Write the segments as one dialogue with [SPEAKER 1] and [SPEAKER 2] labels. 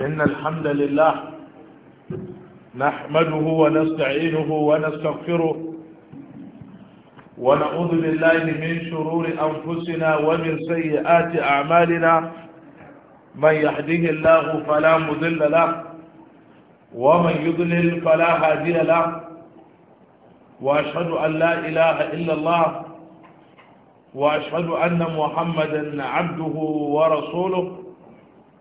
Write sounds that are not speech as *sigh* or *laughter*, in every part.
[SPEAKER 1] إن الحمد لله نحمده ونستعينه ونستغفره ونعوذ بالله من شرور أنفسنا ومن سيئات أعمالنا من يهده الله فلا مذل له ومن يضلل فلا هادي له وأشهد أن لا إله إلا الله وأشهد أن محمدا عبده ورسوله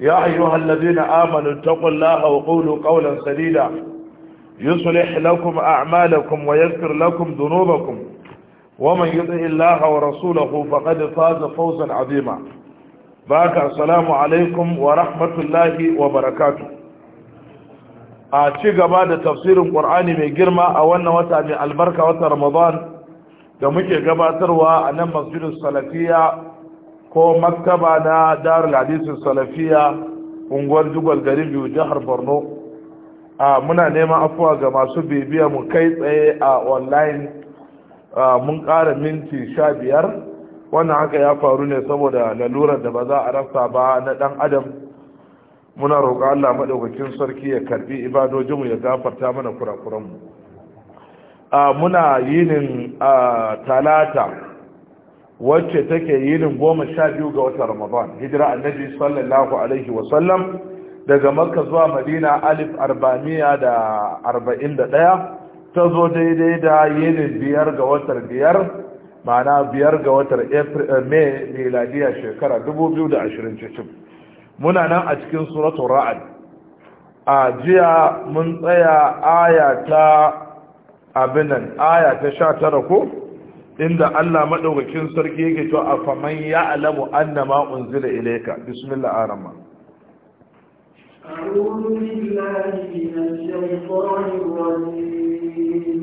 [SPEAKER 1] يا أيها الذين آمنوا اتقوا الله وقولوا قولا سديدا يصلح لكم أعمالكم ويذكر لكم ذنوبكم ومن يطع الله ورسوله فقد فاز فوزا عظيما باك السلام عليكم ورحمة الله وبركاته أتشيق بعد تفسير القرآن من جرمة أولنا وتعني البركة وترمضان كمكي قباتر وأنا مسجد السلفية ko maktaba na darul hadisin salafiya unguwar jugal garin biyu jihar borno a muna neman afuwa ga masu bibiya mu kai tsaye a online mun ƙara minti sha biyar wannan haka ya faru ne saboda lalurar da ba za a rasa ba na ɗan adam muna roƙa Allah maɗaukakin sarki ya karbi ibadojinmu ya gafarta mana kurakuranmu muna yinin talata wacce take yinin goma sha biyu ga watan ramadan hijira annabi sallallahu alaihi wasallam daga makka zuwa madina alif arba'amiya da arba'in da ɗaya ta zo daidai da yinin biyar ga watar biyar ma'ana biyar ga watan eh, mai miladiya shekara 2020 muna nan a cikin suratun ra'ad a jiya mun tsaya aya ta abinan aya ta sha tara ko inda Allah madaukakin sarki yake cewa afaman alamu annama unzila ilayka bismillah arama
[SPEAKER 2] أعوذ بالله من الشيطان الرجيم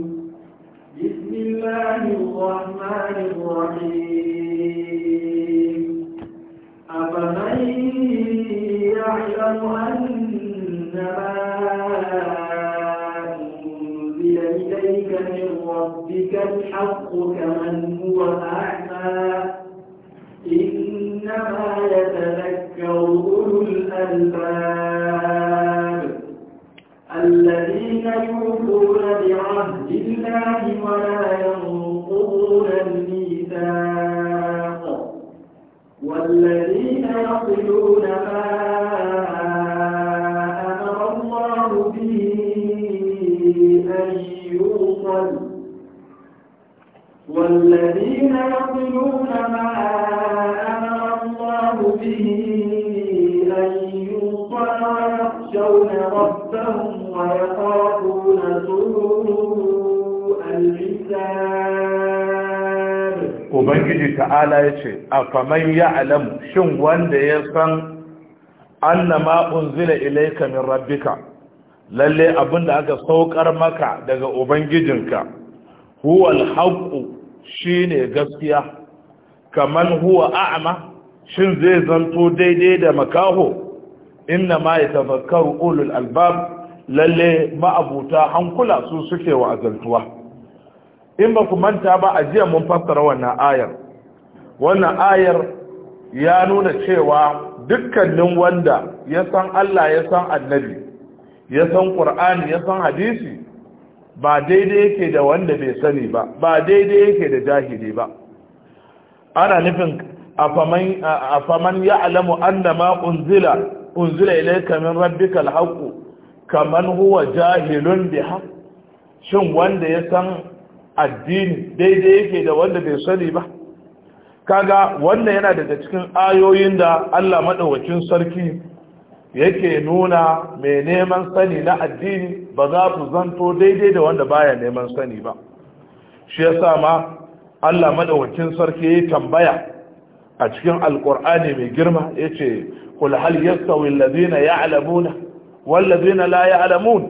[SPEAKER 2] بسم الله الرحمن الرحيم أفمن يعلم أنما إليك من ربك الحق كمن هو أعمى إنما يتذكر أولو الألباب الذين يوفون بعهد الله ولا ينقضون الميثاق والذين يصلون ما والذين يصلون ما أمر الله به أن يوصل ويخشون ربهم ويخافون سوء الحساب
[SPEAKER 1] Ubangiji ta'ala ya ce, A faman ya alamu, shin wanda ya san an annama unzila ilaika min rabbika, lalle abinda aka saukar maka daga Ubangijinka, huwal haƙƙu Shi ne gaskiya kamar huwa a'ma shin zai zanto daidai da makaho inna ma tafakkaru ulul albab lalle ma'abuta hankula su suke wa azaltuwa in ba ku manta ba a jiya mun fassara wannan ayar wannan ayar ya nuna cewa dukkanin wanda ya san Allah ya san annabi ya san Qur'ani ya san hadisi ba daidai yake da wanda bai sani ba ba daidai yake da jahili ba ana nufin a afaman ya'lamu ma unzila unzila ilayka min rabbikal alhaqu kaman huwa jahilun biha shin wanda ya san addini daidai yake da wanda bai sani ba kaga wannan yana daga cikin ayoyin da Allah madaukakin sarki yake nuna mai neman sani na addini ba za su zanto daidai da wanda baya neman sani ba shi yasa ma Allah madawacin sarki ya tambaya a cikin alkur'ani mai girma yace qul hal yastawi alladhina ya'lamuna wal ladhina la alamun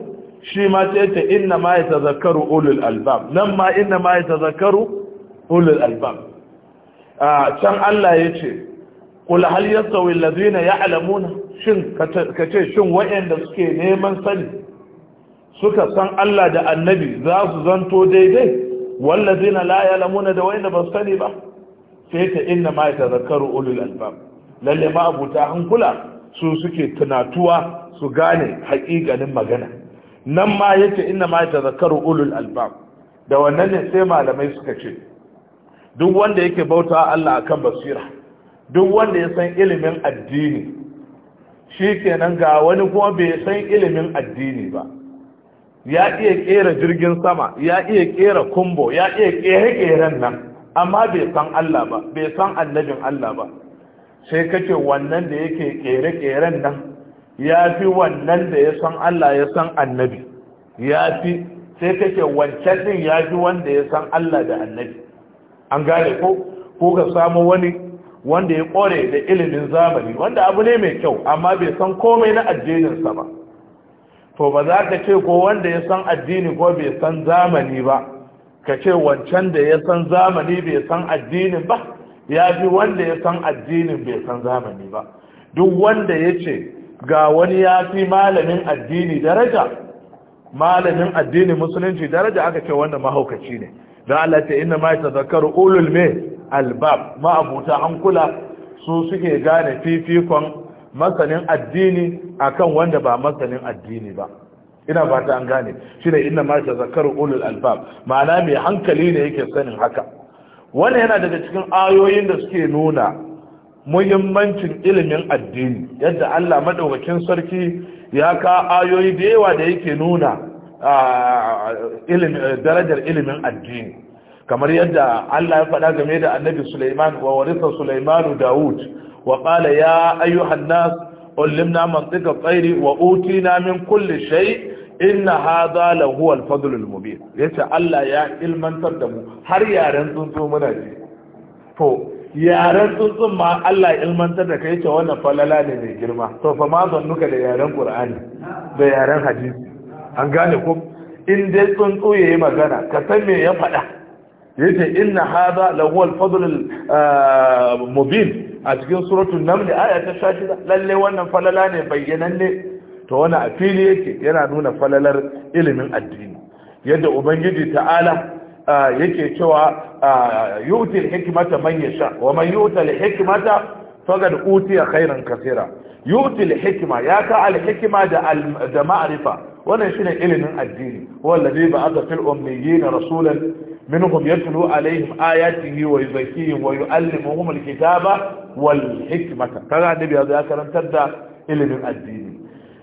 [SPEAKER 1] shi ma sai ta inna ma yatazakkaru ulul albab nan ma inna ma yatazakkaru ulul albab a can Allah ya ce qul hal yastawi ya alamuna. shin ka ce shin wa'anda suke neman sani suka san Allah da annabi za su zanto daidai wallazina la ya'lamuna da wa'anda ba su sani ba sai ta inna ma yatazakkaru ulul albab lalle ma abuta hankula su suke tunatuwa su gane haƙiƙanin magana nan ma yace inna ma yatazakkaru ulul albab da wannan ne sai malamai suka ce duk wanda yake bauta Allah akan basira duk wanda ya san ilimin addini shi kenan ga wani kuma bai san ilimin addini ba ya iya kera jirgin sama ya iya kera kumbo ya iya kere-keren nan amma bai san Allah ba bai san annabin Allah ba sai kace wannan da yake kere-keren nan ya fi wannan da ya san Allah ya san annabi ya fi sai kace wancan din ya fi wanda ya san Allah da annabi an gane ko ko ka samu wani wanda ya kore da ilimin zamani wanda abu ne mai kyau amma bai san komai na addininsa ba to ba za ka ce ko wanda ya san addini ko bai san zamani ba ka ce wancan da ya san zamani bai san addinin ba ya fi wanda ya san addinin bai san zamani ba duk wanda ya ce ga wani ya fi malamin addini daraja malamin addini musulunci daraja aka ce wanda mahaukaci ne da Allah ta inna ma ta ulul me albab ma'abuta kula su suke gane fifikon masanin addini akan wanda ba masanin addini ba ina ta an gane shi ne inna ma zakaru ulul albab ma'ana mai hankali ne yake sanin haka wannan yana daga cikin ayoyin da suke nuna muhimmancin ilimin addini yadda Allah madaukakin sarki ya ka ayoyi da yawa da yake nuna ah, darajar ilimin addini kamar yadda Allah ya faɗa game da annabi Sulaiman wa warisa Sulaiman Dawud wa ƙala ya ayyuhan nas ulimna mantiqa tsairi wa utina min kulli shay inna hadha la huwa al-fadl al-mubin yace Allah ya ilmantar da mu har yaren tsuntsu muna ji to yaren tsuntsu ma Allah ya ilmantar da kai ce wannan falala ne mai girma to fa ma zannuka da yaren Qur'ani da yaren hadisi an gane ko in dai tsuntsu yayi magana ka san me ya faɗa yace inna hadha la huwa al-fadl al-mubin a cikin suratul naml aya ta 16 lalle wannan falala ne bayyananne to wani a fili yake yana nuna falalar ilimin addini yadda ubangiji ta'ala yake cewa yuti al-hikmata man yasha wa man yuta al-hikmata faqad utiya khairan kaseera yuti al-hikma ya ka al-hikma da da ma'rifa wannan shine ilimin addini wallazi ba'atha fil ummiyyin rasulan منهم ya عليهم آياته ويزكيهم ويعلمهم الكتاب والحكمة كذا النبي هذا كلام تبدا علم الدين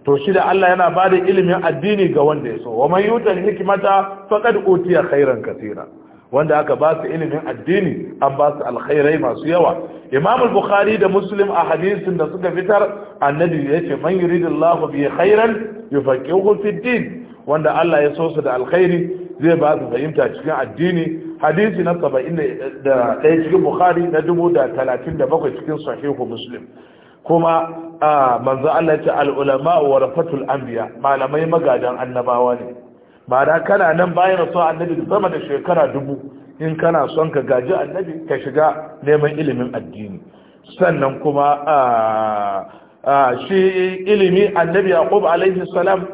[SPEAKER 1] to shi da Allah yana ba da ilimin addini ga wanda ya so wa man yutal hikmata faqad utiya khairan katira wanda aka ba su ilimin addini an ba su alkhairai masu yawa imam al-bukhari da muslim a hadisin da suka fitar annabi ya ce man yuridillahu bi khairan yufaqihu fi din wanda Allah ya so su da alkhairi zai ba su fahimta cikin addini hadisi na saba'in da ɗaya cikin bukhari na dubu da talatin da bakwai cikin sahihu muslim kuma manzo Allah ce al'ulama wa rafatul anbiya malamai magadan annabawa ne ma'ana kana nan bayan rasu annabi sama da shekara dubu in kana son ka gaji annabi ka shiga neman ilimin addini sannan kuma shi ilimi annabi yaqub alaihi salam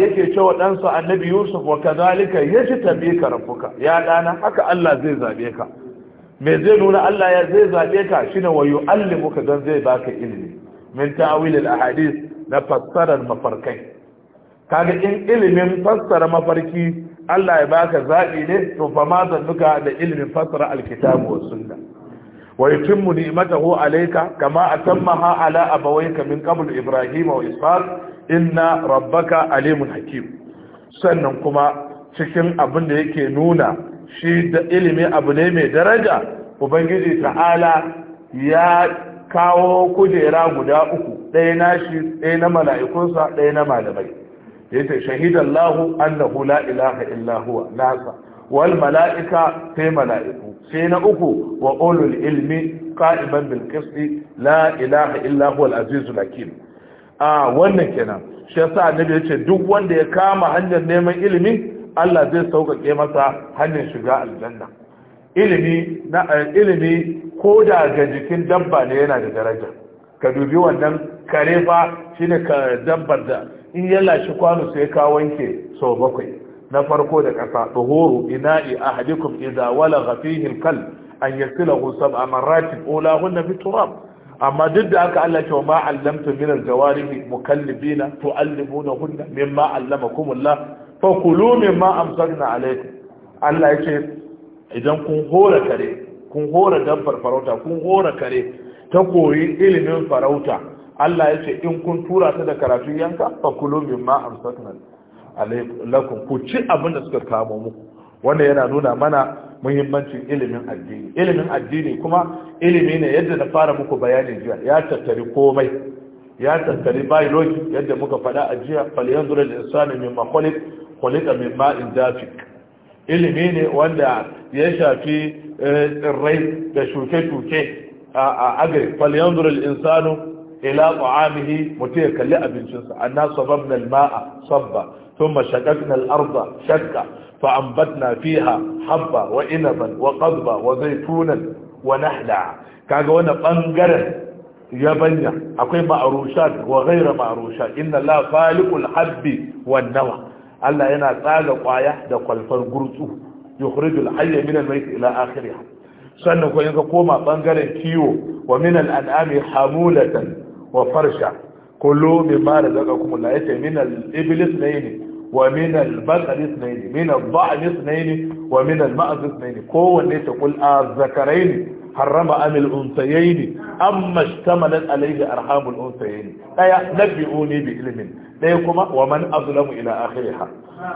[SPEAKER 1] yake cewa ɗansa annabi yusuf wa kazalika ya ji tabi ka rafuka ya ɗana haka allah zai zaɓe ka me zai nuna allah ya zai zaɓe ka shine allimu ka dan zai baka ilimi min ta'wil al ahadith na fassarar mafarkai kaga in ilimin fassara mafarki allah ya baka zaɓi ne to fa ma da ilimin fassara alkitabu wa sunna wa ni mataho alayka kama atammaha ala abawayka min qabl ibrahim wa ishaq inna rabbaka alimun hakim sannan kuma cikin abin da yake nuna shi da ilimi abu ne mai daraja ubangiji ta'ala ya kawo kujera guda uku ɗaya nashi ɗaya na mala'ikunsa ɗaya na malamai yace shahidallahu annahu la ilaha illa huwa nasa wal mala'ika sai mala'iku sai na uku wa ulul ilmi qa'iman bil lailaha la ilaha illa a wannan kenan shi yasa annabi yace duk wanda ya kama hanyar neman ilimi Allah zai sauƙaƙe masa hanyar shiga aljanna ilimi na eh, ilimi ko da ga jikin dabba ne yana da daraja ka dubi wannan kare fa shine ka dabbar da in ya lashi kwano sai ka wanke sau bakwai na farko da ƙasa tuhuru ina'i ahadikum idza walagha fihi al-kal an yasilahu sab'a marratin ula hunna fi turab amma duk da haka Allah ce ma allamtu min na jawarih min tu'allimunahunna mimma allamakumullah fa kulu mimma amsakna alaykum Allah ya ce idan kun hora kare kun hora dabbar farauta kun hora kare ta koyi ilimin farauta Allah ya ce in kun tura ta da karatun yanka fa kulu mimma amsakna alaykum lakum ku ci abin da suka kamo muku wannan yana nuna mana muhimmancin ilimin addini ilimin addini kuma ilimi ne yadda na fara muku bayanin jiya ya tattari komai ya tattari biology yadda muka faɗa a jiya falyanzu da insani min makwalik kwalika min ma'in dafik ilimi ne wanda ya shafi eh, tsirrai da shuke-shuke a agri falyanzu da insani ila ta'amihi mutum ya kalli abincinsa anna sababna al-ma'a sabba ثم شققنا الأرض شقا فأنبتنا فيها حبا وإنبا وقضبا وزيتونا ونحلا كاغا وانا بانغرن يبنيا اكوي معروشات وغير معروشات ان الله خالق الحب والنوى الله yana tsaga kwaya da kwalfar gurtsu yukhrijul hayya min al-mayt ila akhirih sannan ko yanka koma bangaren kiwo wa min anami wa farsha kulu mimma razaqakum Allah yace min al-iblis nayni wa min al-baqaris nayni min al-dha'nis nayni wa min al-ma'zis nayni kowanne ta kul az-zakarain harrama am al-unsayayn amma ishtamalat alayhi arham al-unsayayn daya nabi'uni bi ilmin daya kuma wa man azlamu ila akhiriha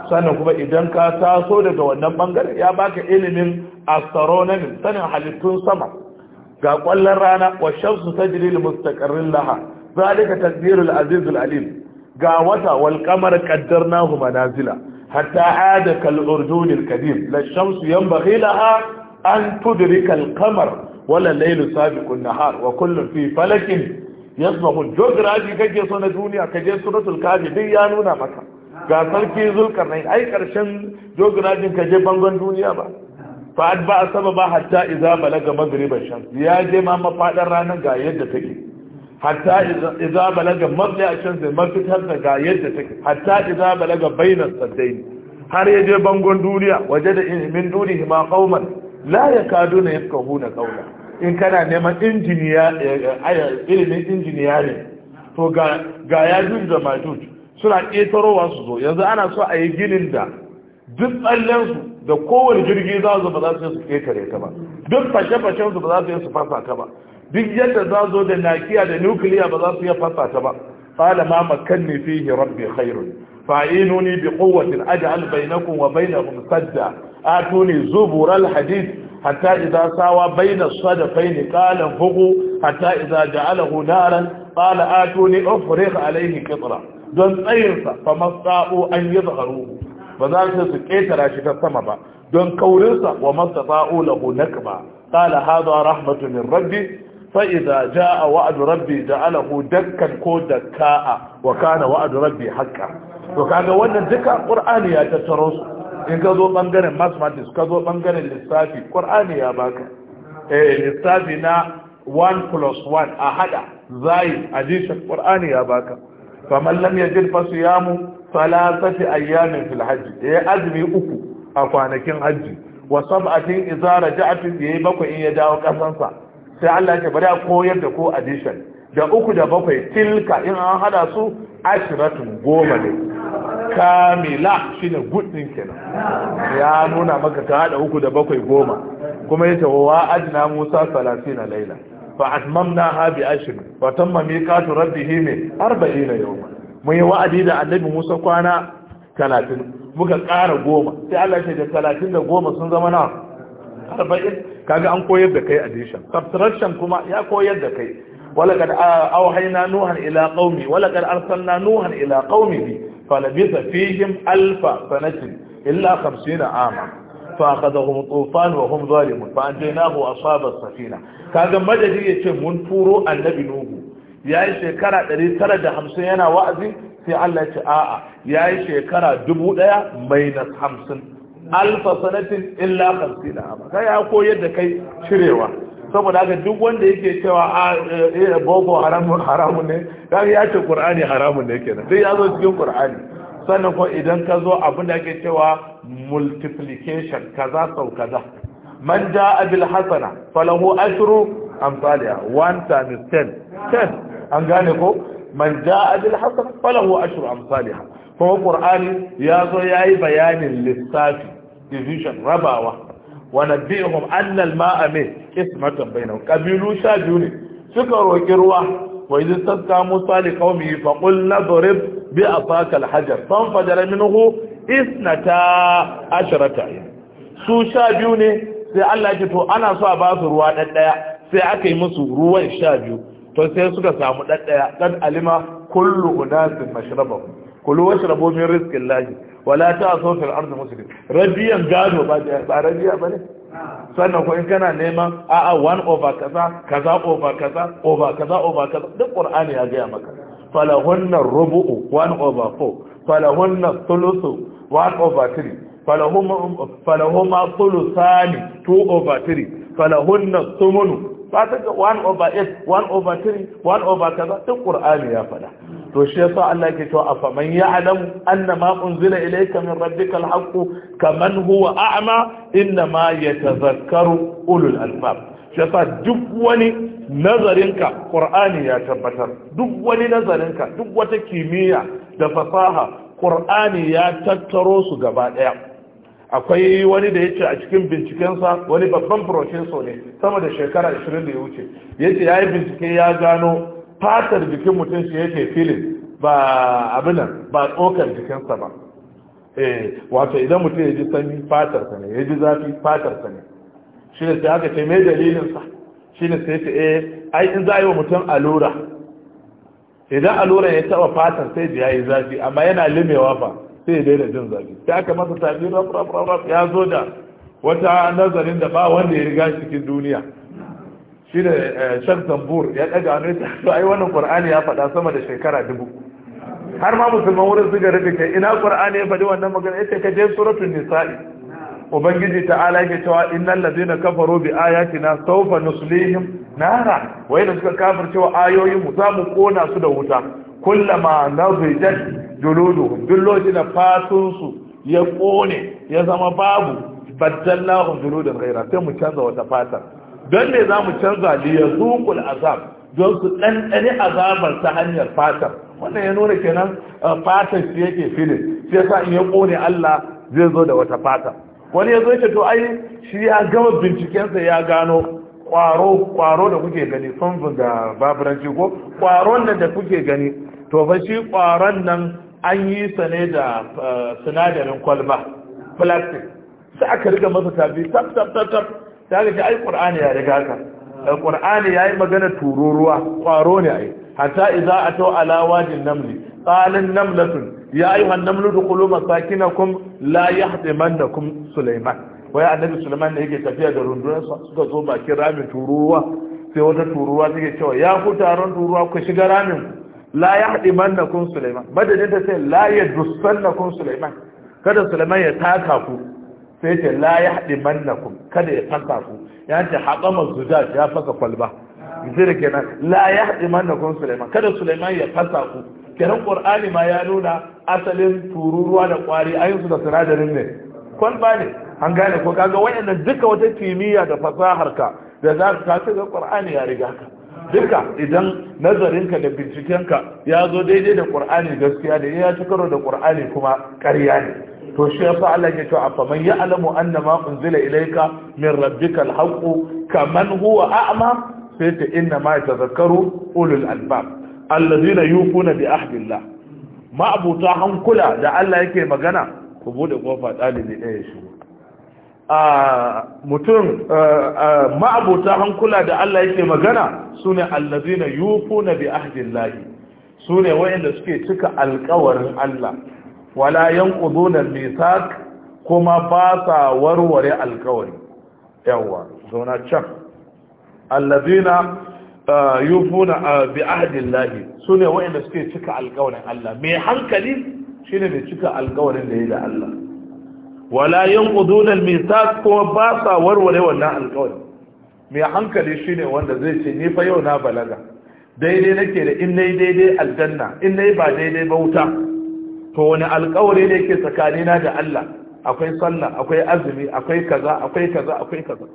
[SPEAKER 1] sannan kuma idan ka taso daga wannan bangare ya baka ilimin astronomy sanin halittun sama ga kwallon rana wa shamsu tajri li mustaqarrin laha zalika tadbirul azizul alim ga wata walkamar kaddar qaddarnahu manazila hatta ada kal urdunil qadim la shamsu yanbaghi laha an tudrika al qamar wala laylu sabiqun nahar wa kullun fi falakin yasbahu geography kake so na duniya kaje suratul kafi duk ya nuna maka ga sarki zulkarnain ai karshen geography kaje bangon duniya ba fa'ad ba sababa hatta idza balaga maghriban shams ya je ma mafadar rana ga yadda take hatta idza balaga a can sai mafitar da ga yadda take hatta idza balaga bainas saddain har yaje bangon duniya waje da min dunihi ma qauman la yakaduna yafqahuna kauna in kana neman injiniya eh, eh, ilimin injiniya ne to ga ga jin da majuj suna ƙetarowa su zo yanzu ana so a yi ginin da duk tsallen su da kowane jirgi za su ba za su yi su ƙetare ta ba duk fashe-fashen su ba za su yi su fasa ta ba duk yadda za zo da nakiya da nukiliya ba za su iya fasa ta ba Fala ma makanni fihi rabbi khairun ni bi quwwatin aj'al bainakum wa bainahum sadda atuni zubural hadith hatta idza sawa baina sadafain qala fuqu hatta idza ja'alahu naran qala atuni ufrigh alayhi qitra don sa fa masa'u an yadhharuhu ba za su ketara shi ta sama ba don kaurinsa wa masata'u lahu nakba qala hadha rahmatun min rabbi fa'iza ja a wa'adu rabbi da alahu dakkan ko dakka'a wa kana wa'adu rabbi haƙƙa to kaga wannan duka ƙur'ani ya tattaro su in ka zo ɓangaren mathematics ka zo ɓangaren lissafi ƙur'ani ya baka eh lissafi na 1 plus 1 a hada zai addition ƙur'ani ya baka faman lam yajid fa siyamu thalathati ayyamin fil hajj eh azumi uku a kwanakin hajji wa sab'atin idza raja'at yayi bakwai in ya dawo kasansa sai Allah ya ce bari a koyar da ko addition da uku da bakwai tilka in an hada su ashiratun goma ne kamila shine ne din kenan ya nuna maka ta hada uku da bakwai goma kuma yace wa ajna musa 30 laila fa atmamnaha bi ashir wa tamma miqatu rabbih min 40 yawma mun yi wa'adi da annabi musa kwana 30 muka kara goma sai Allah ya ce da 30 da goma sun zama na 40 kaga an koyar da kai addition subtraction kuma ya koyar da kai walaqad awhayna nuhan ila qaumi walaqad arsalna nuhan ila qaumihi falabitha fihim alfa sanatin illa 50 ama فاخذهم الطوفان وهم ظالمون فانجيناه واصحاب السفينه kaga madadi yace mun turo annabi nuhu yayi shekara 950 yana wa'azi sai Allah ce a'a yayi shekara ɗaya minus hamsin. alfa sanatin illa khamsina ama kai ya koyar da kai cirewa saboda haka duk wanda yake cewa a ah, eh, eh, boko haramun haramun ne kaga ya ce qur'ani haramun ne kenan dai ya zo cikin qur'ani sannan ko idan ka zo abin da ake cewa multiplication kaza sau kaza man jaa bil hasana falahu ashru amsalha 1 times 10 10 an gane ko man jaa bil hasana falahu ashru amsalha kuma qur'ani ya zo yayi bayanin lissafi division rabawa wa nabihum anna al-ma'a min qismatan bainahum qabilu sha biyu ne suka roki ruwa wa idh tasqa musa li qaumihi fa qul nadrib bi a al-hajar fanfajara minhu isnata asharata su sha biyu ne sai Allah ya to ana so a ba su ruwa ɗaya sai aka yi musu ruwan sha biyu to sai suka samu ɗaɗɗaya ɗan alima kullu unasin mashrabahu kulu washrabu min rizqillahi wala ta'asu fil ardi muslim rabiyan gado ba ba rabiya bane sannan ko in kana neman a a one over kaza kaza over kaza over kaza over kaza duk qur'ani ya gaya maka falahunna rubu'u one over four falahunna thuluthu one over three falahuma falahuma thulusani two over three falahunna thumunu ba ta ga 1 over 8 1 over 3 1 over kaza duk qur'ani ya faɗa to shi yasa Allah yake cewa afaman ya'lamu anna ma unzila ilayka min rabbika alhaq kaman huwa a'ma inna ma yatazakkaru ulul albab shi yasa duk wani nazarinka qur'ani ya tabbatar duk wani nazarinka duk wata kimiyya da fasaha qur'ani ya tattaro su gaba daya akwai wani da ce a cikin bincikensa wani babban profeso ne sama da shekara 20 da ya wuce yace yayi bincike ya gano fatar jikin mutum shi yake filin ba abinan ba tsokar jikinsa ba eh wato idan mutum ya ji sanyi fatarsa ne ya ji zafi fatarsa ne shi ne sai aka ce mai dalilinsa shi ne sai ce eh ai in za a yi wa mutum allura idan alluran ya taba fatar sai ji ya yi zafi amma yana limewa fa sai ya daina jin zafi sai aka masa tafi raf raf raf ya zo da wata nazarin da ba wanda ya riga cikin duniya shi da eh, shan tambur ya daga ne so ai wannan qur'ani ya faɗa sama da shekara dubu har ma musulman wurin su ga rubuta ina qur'ani ya faɗi wannan magana ita ka je suratul nisa'i ubangiji ta'ala yake cewa innal ladina kafaru bi ayatina sawfa nuslihim nara wai suka kafirce wa ayoyin mu za mu kona su da wuta kullama nazijat juludu duk da fatunsu ya kone ya zama babu baddallahu juludan ghaira sai mu canza wata fata don me za mu canza li yazuqul azab don su ɗanɗani azabar ta hanyar fata. wannan ya nuna kenan eh, fatar shi yake filin sai sa in ya kone Allah zai zo da wata fata wani ya zo ce to ai shi ya gama bincikensa ya gano kwaro kwaro da kuke gani sun da baburanci ko kwaron nan da kuke gani to fa shi kwaron nan an yi sa ne da eh, sinadarin kwalba plastic sai aka riga masa tabi tap tap tap tap ta ga ai qur'ani ya riga ka eh, ya yi magana tururuwa ƙwaro ne ai hatta idza atau ala wajin namli qalan namlatun ya ayyuhan namlu dukhulu masakinakum la yahdimannakum sulaiman waya annabi sulaiman ne yake tafiya da rundunar sa suka zo bakin ramin tururuwa sai wata tururuwa take cewa ya ku taron tururuwa ku shiga ramin la ya haɗi manna kun Suleiman madadin ta ce la ya dusan na kun Suleiman kada Suleiman ya taka ku sai ce la ya haɗi manna kun kada ya taka ku ya ce haƙama zujaj ya fasa kwalba zira kenan la ya haɗi manna kun Suleiman kada Suleiman ya fasa ku kenan ƙur'ani ma ya nuna asalin tururuwa da ƙwari su da sinadarin ne kwalba ne an gane ko kaga wayannan duka wata kimiyya da fasahar ka da za ka ga ƙur'ani ya riga ka duka idan nazarinka da bincikenka ya zo daidai da ƙur'ani gaskiya da ya ci karo da kur'ani kuma ƙarya ne to shi ya Allah ya ce a faman ya'lamu annama unzila ilaika min rabbikal alhaq kaman huwa a'ma sai ta inna ma yatazakkaru ulul albab alladhina na bi ahdillah ma'abuta hankula da Allah yake magana ku buɗe kofa dalibi ɗaya shi mutum ma'abuta hankula da Allah yake magana su ne allazina yufu na bi ahdin lahi su ne wa'inda suke cika alkawarin Allah wala yanqudu na misak kuma ba sa warware alkawari yawa zauna can allazina yufu na bi ahdin lahi su ne wa'inda suke cika alkawarin Allah mai hankali shine mai cika alkawarin da ya da Allah wala yanquduna al-mithaq kuma ba sa warware wannan alƙawari mai hankali shine wanda zai ce ni fa yau na balaga daidai nake da in nayi daidai aljanna in nayi ba daidai bauta. to wani alkawari ne ke tsakanina da Allah akwai sallah akwai azumi akwai kaza akwai kaza akwai kaza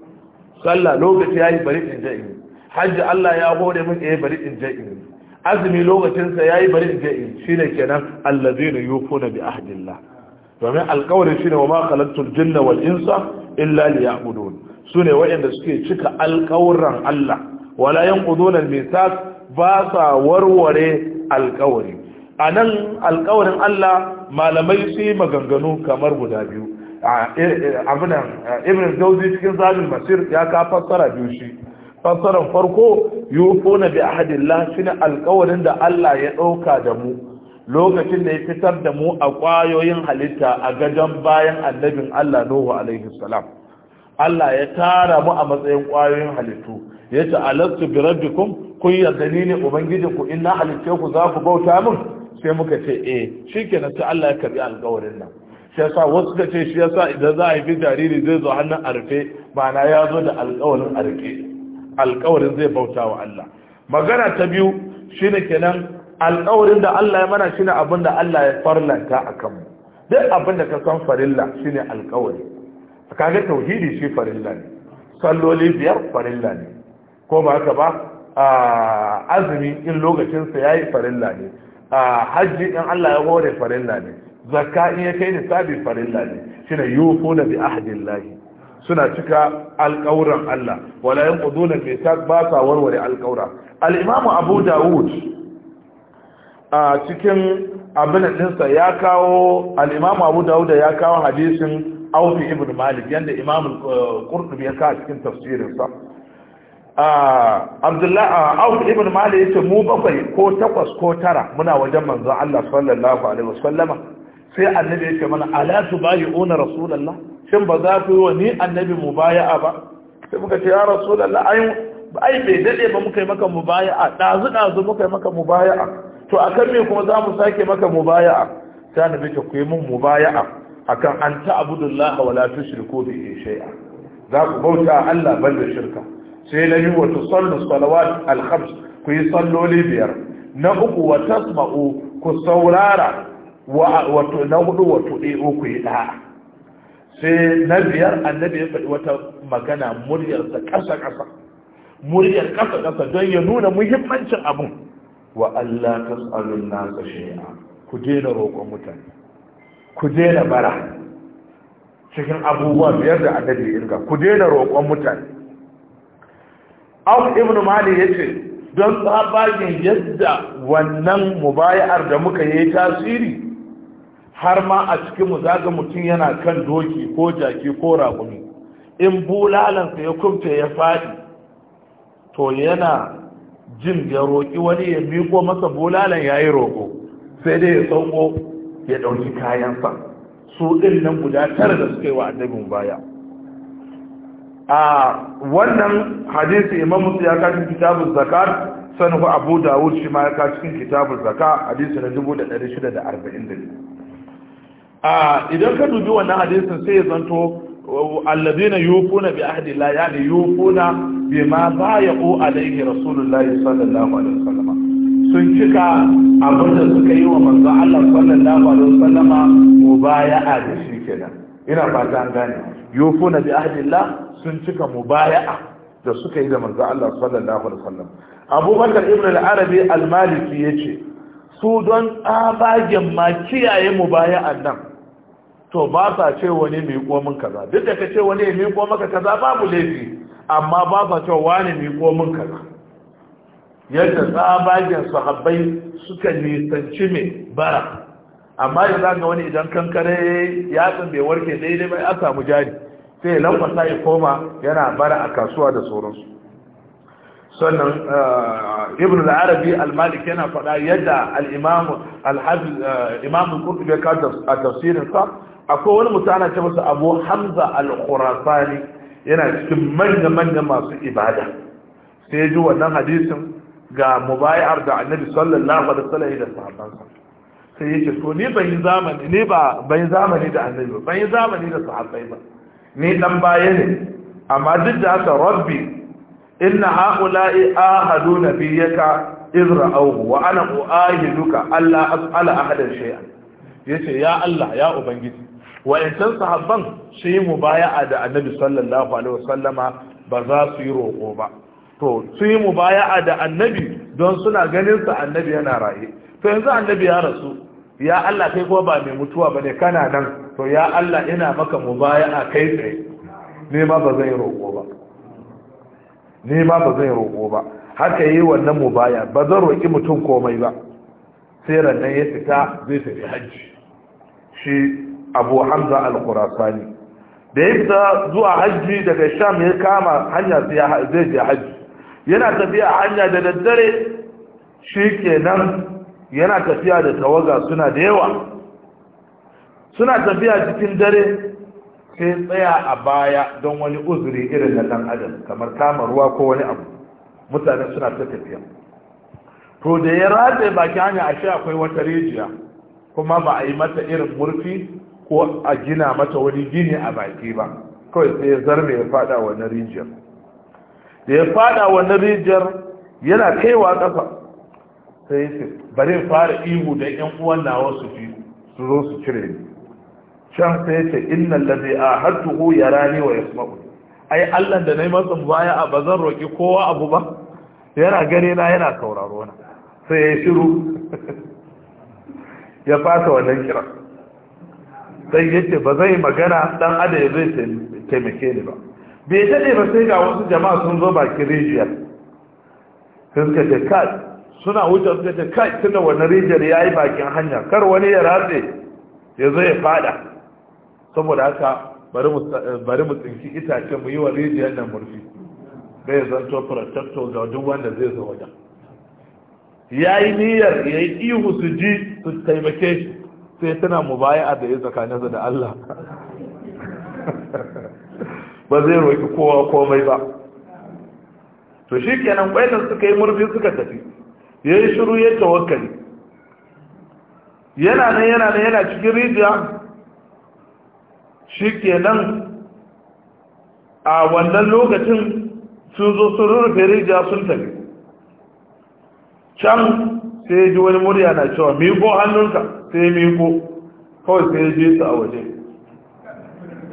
[SPEAKER 1] sallah lokaci yayi bari in je in hajji Allah ya hore min eh bari in je in azumi lokacin sa yayi bari in je in shine kenan allazina yufuna bi ahdillah domin alkawarin shine wa ma jinna wal insa illa Su sune waɗanda suke cika alkawuran Allah wala yin al-mithaq ba sa warware alkawari nan alkawarin Allah malamai yi maganganu kamar guda biyu eh, eh, abinan eh, ibn jauzi cikin zalim masir ya ka fassara biyu shi fassaran farko yufuna bi ahadillah shine alkawarin da Allah ya ɗauka da mu lokacin da ya fitar da mu a ƙwayoyin halitta a gajen bayan annabin Allah Nuhu alaihi salam Allah ya tara mu a matsayin ƙwayoyin halittu ya ce alastu bi rabbikum kun yarda ni ne ubangiji ku inna halitta ku za ku bauta mun sai muka ce eh shikenan sai Allah ya karbi alƙawarin nan shi yasa wasu ka ce shi yasa idan za a yi bi jariri zai zo hannun arfe rufe ma'ana ya zo da alƙawarin arfe alƙawarin zai bauta wa Allah magana ta biyu shine kenan alƙawarin da Allah ya mana shine abin da Allah ya farlanta a kanmu duk abin da ka san farilla shine alƙawari kaga tauhidi shi farilla ne salloli biyar farilla ne ko ba haka ba azumi in lokacinsa ya yi farilla ne hajji in Allah ya hore farilla ne zakka in ya kai nisabi farilla ne shine yufu da bi ahdillahi suna cika alƙawuran Allah wala yanquduna mithaq ba sa warware alƙawra al Abu Dawud a cikin abin ɗinsa ya kawo al'imam abu dauda ya kawo hadisin aufi ibn malik yadda imam kurtub eh, ya kawo cikin tafsirinsa aufi ibn malik ya ce mu bakwai ko takwas ko tara muna wajen manzo allah sallallahu alaihi wasallama sai annabi ya ce mana ala su bayi una rasulallah shin ba za ku yi wa ni annabi mu baya ba sai muka ce ya rasulallah ai bai daɗe ba muka yi maka mu baya a ɗazu ɗazu muka yi maka mu baya a to a kan me kuma za mu sake maka mubaya'a ta nabi ka ku yi mun mubaya'a akan an ta'budullaha wa la tushriku bihi shay'a za ku bauta Allah ban da shirka sai na yi wa tusallu salawat al-khams ku yi salloli biyar na uku wa tasma'u ku saurara wa wato na hudu wa tu'i'u ku yi da'a sai na biyar annabi ya faɗi wata magana muryarsa ƙasa-ƙasa muryar ƙasa-ƙasa don ya nuna muhimmancin abun wa Allah ta na nasa shay'a ku daina roƙon mutane ku daina bara cikin abubuwa biyar da adadi irga ku daina roƙon mutane Auf ibn Mali ya ce don tsabagen yadda wannan mubaya'ar da muka yi tasiri har ma a cikin mu zaga mutum yana kan doki ko jaki ko raƙumi in bulalansa ya kumta ya faɗi to yana jin ya roƙi wani ya miko masa bulalan ya yi roƙo sai dai ya sauko ya ɗauki kayansa su ɗin nan guda tara da suka yi wa annabin baya a wannan hadisi imam musu ya kashi kitabun zakat sanuhu abu dawud shi ma ya kashi cikin kitabun zaka hadisi na biyu. a idan ka dubi wannan hadisin sai ya zanto allazina yufuna bi ahdillah yani yufuna bima bay'u alayhi rasulullahi sallallahu alaihi wasallam sun cika abin da suka yi wa manzo Allah sallallahu alaihi wasallam mubaya'a da shi kenan ina fata an gane yufuna bi ahdillah sun cika mubaya'a da suka yi da manzo Allah sallallahu alaihi wasallam abubakar ibn al-arabi al-maliki yace su don tsabagen ma kiyaye mubaya'an nan to ba sa ce wani mai komin kaza duk da ka ce wani mai maka kaza babu laifi amma ba sa ce wani mai komin kaza yadda tsabagen sahabbai suka nisanci mai bara amma ya ga wani idan kankare ya bai warke daidai bai a samu jari sai lambata ya koma yana bara a kasuwa da sauransu sannan eh, ibn al-arabi al-malik yana faɗa yadda al-imam al-hafiz eh, imam al-qurtubi ya a tafsirin sa akwai wani mutum ana ce masa abu hamza al-khurasani yana cikin manya-manya masu ibada sai ya ji wannan hadisin ga mubayar da annabi sallallahu alaihi wasallam da sahabbansa sai yake to ni ban yi zamani ne ba ban yi zamani da annabi ba ban yi zamani da sahabbai ba ni dan baya ne amma duk da haka rabbi inna haula'i ahadu nabiyyaka izra'uhu wa ana uahiduka alla as'ala ahadan shay'an yace ya Allah ya ubangiji wa'ancan sahabban shi yi mubaya'a da annabi sallallahu alaihi wasallama ba za su yi roƙo ba to su yi mubaya'a da annabi don suna ganin sa annabi yana raye to yanzu annabi ya rasu ya Allah kai kuma ba mai mutuwa bane kana nan to ya Allah ina maka mubaya'a kai tsaye ne ma ba zai roƙo ba ne ma ba zan roƙo ba haka yi wannan mubaya ba zan roƙi mutum komai ba sai rannan ya fita zai tafi hajji shi abu hamza al-qurasani da ya zuwa hajji daga sham ya kama hanya zai je hajji yana tafiya hanya da daddare shi kenan yana tafiya da tawaga suna da yawa suna tafiya cikin dare sai tsaya a baya don wani uzuri irin na dan adam kamar kama ruwa ko wani abu mutane suna ta tafiya to da ya ratse baki hanya a akwai wata rijiya kuma ba a yi mata irin murfi ko a gina mata wani gini a baki ba kawai sai ya zarme ya fada wani rijiyar da ya fada wani rijiyar yana kaiwa kafa. sai ya ce bari fara ihu da 'yan uwan nawa su fi su zo su cire ni can sai ya ce innal hu ya rani wa ya yasma'u ai Allah da na yi masa baya a bazan roki kowa abu ba yana gare na yana sauraro na sai ya shiru *laughs* ya fasa wannan kiran sai yace ba zai magana dan ada ya zai taimake ni ba bai dade ba sai ga wasu jama'a sun zo bakin rijiyar suka ce kai suna wuce suka ce kai tunda wani rijiyar ya yi bakin hanya kar wani ya ratse ya zo ya fada saboda haka bari mu tsinki itace mu yi wa rijiyar nan murfi bai zanto protecto ga duk wanda zai zo wajen ya yi niyyar ya yi ihu su ji su taimake shi sai tana mubaya'a da ya tsakaninsa da Allah ba zai roƙi kowa komai ba to shi kenan ƙwaitar suka yi murfi suka tafi ya yi shiru ya tawakali yana nan yana nan yana cikin rijiya shi kenan a wannan lokacin sun zo sun rufe rijiya sun tafi can sai ji wani murya na cewa miko hannunka sai miko kawai sai je su a waje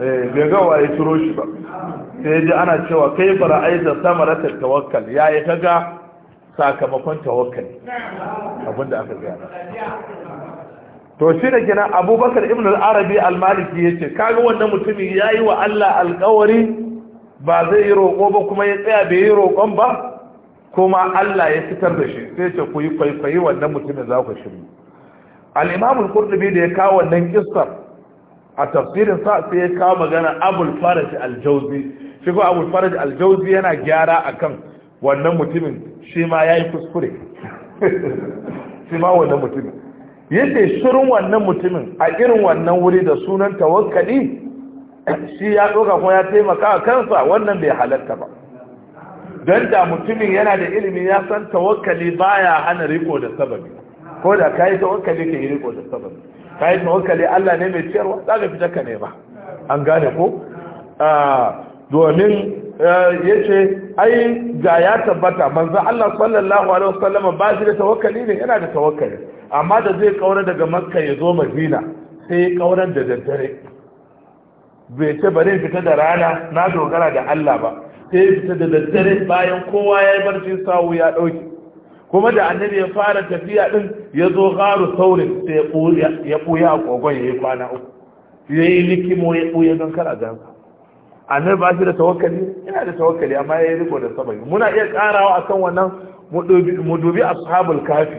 [SPEAKER 1] eh, bai gawa ya turo shi ba sai ji ana cewa kai fara samara ta tawakkal ya yi ta ga sakamakon tawakkal
[SPEAKER 2] abinda aka gana
[SPEAKER 1] to shi da gina abubakar ibn al-arabi al-maliki ya ce kaga wanda mutumin ya yi wa allah alkawari ba zai yi roƙo ba kuma ya tsaya bai yi roƙon ba kuma allah ya fitar da shi sai ce ku yi kwaikwayi wannan mutumin za ku shirya al-imamul qurtubi da ya kawo wannan kissar a tafsirin sa sai ya kawo magana abul faraj al-jawzi shi ko abul faraj al-jawzi yana gyara akan wannan mutumin shi ma yayi kuskure *laughs* shi ma wannan mutumin yace shirin wannan mutumin a irin wannan wuri da sunan tawakkali shi ya doka kuma ya taimaka kansa wannan bai halatta ba don da mutumin yana da ilimi ya san tawakkali baya hana riko da sababi ko da ka yi tawakkali ka yi riko da sabon ka yi tawakkali Allah ne mai ciyarwa za ka fita ka nema an gane ko ah, domin eh, ya ce ai ga ya tabbata manzo Allah sallallahu alaihi wasallam ba shi da tawakkali ne yana da tawakkali amma da zai kaura daga makka ya zo madina sai kaura da daddare bai ce bari fita da rana na dogara da Allah ba sai fita da daddare bayan kowa ya yi barci sawu ya dauki kuma da annabi ya fara tafiya din ya zo garu saurin sai ya ɓuya a kogon ya yi kwana uku ya yi likimo ya ɓuya don kara ganka annabi ba shi da tawakkali ina da tawakkali amma ya yi riko da sabai muna iya karawa akan wannan mu dubi ashabul kafi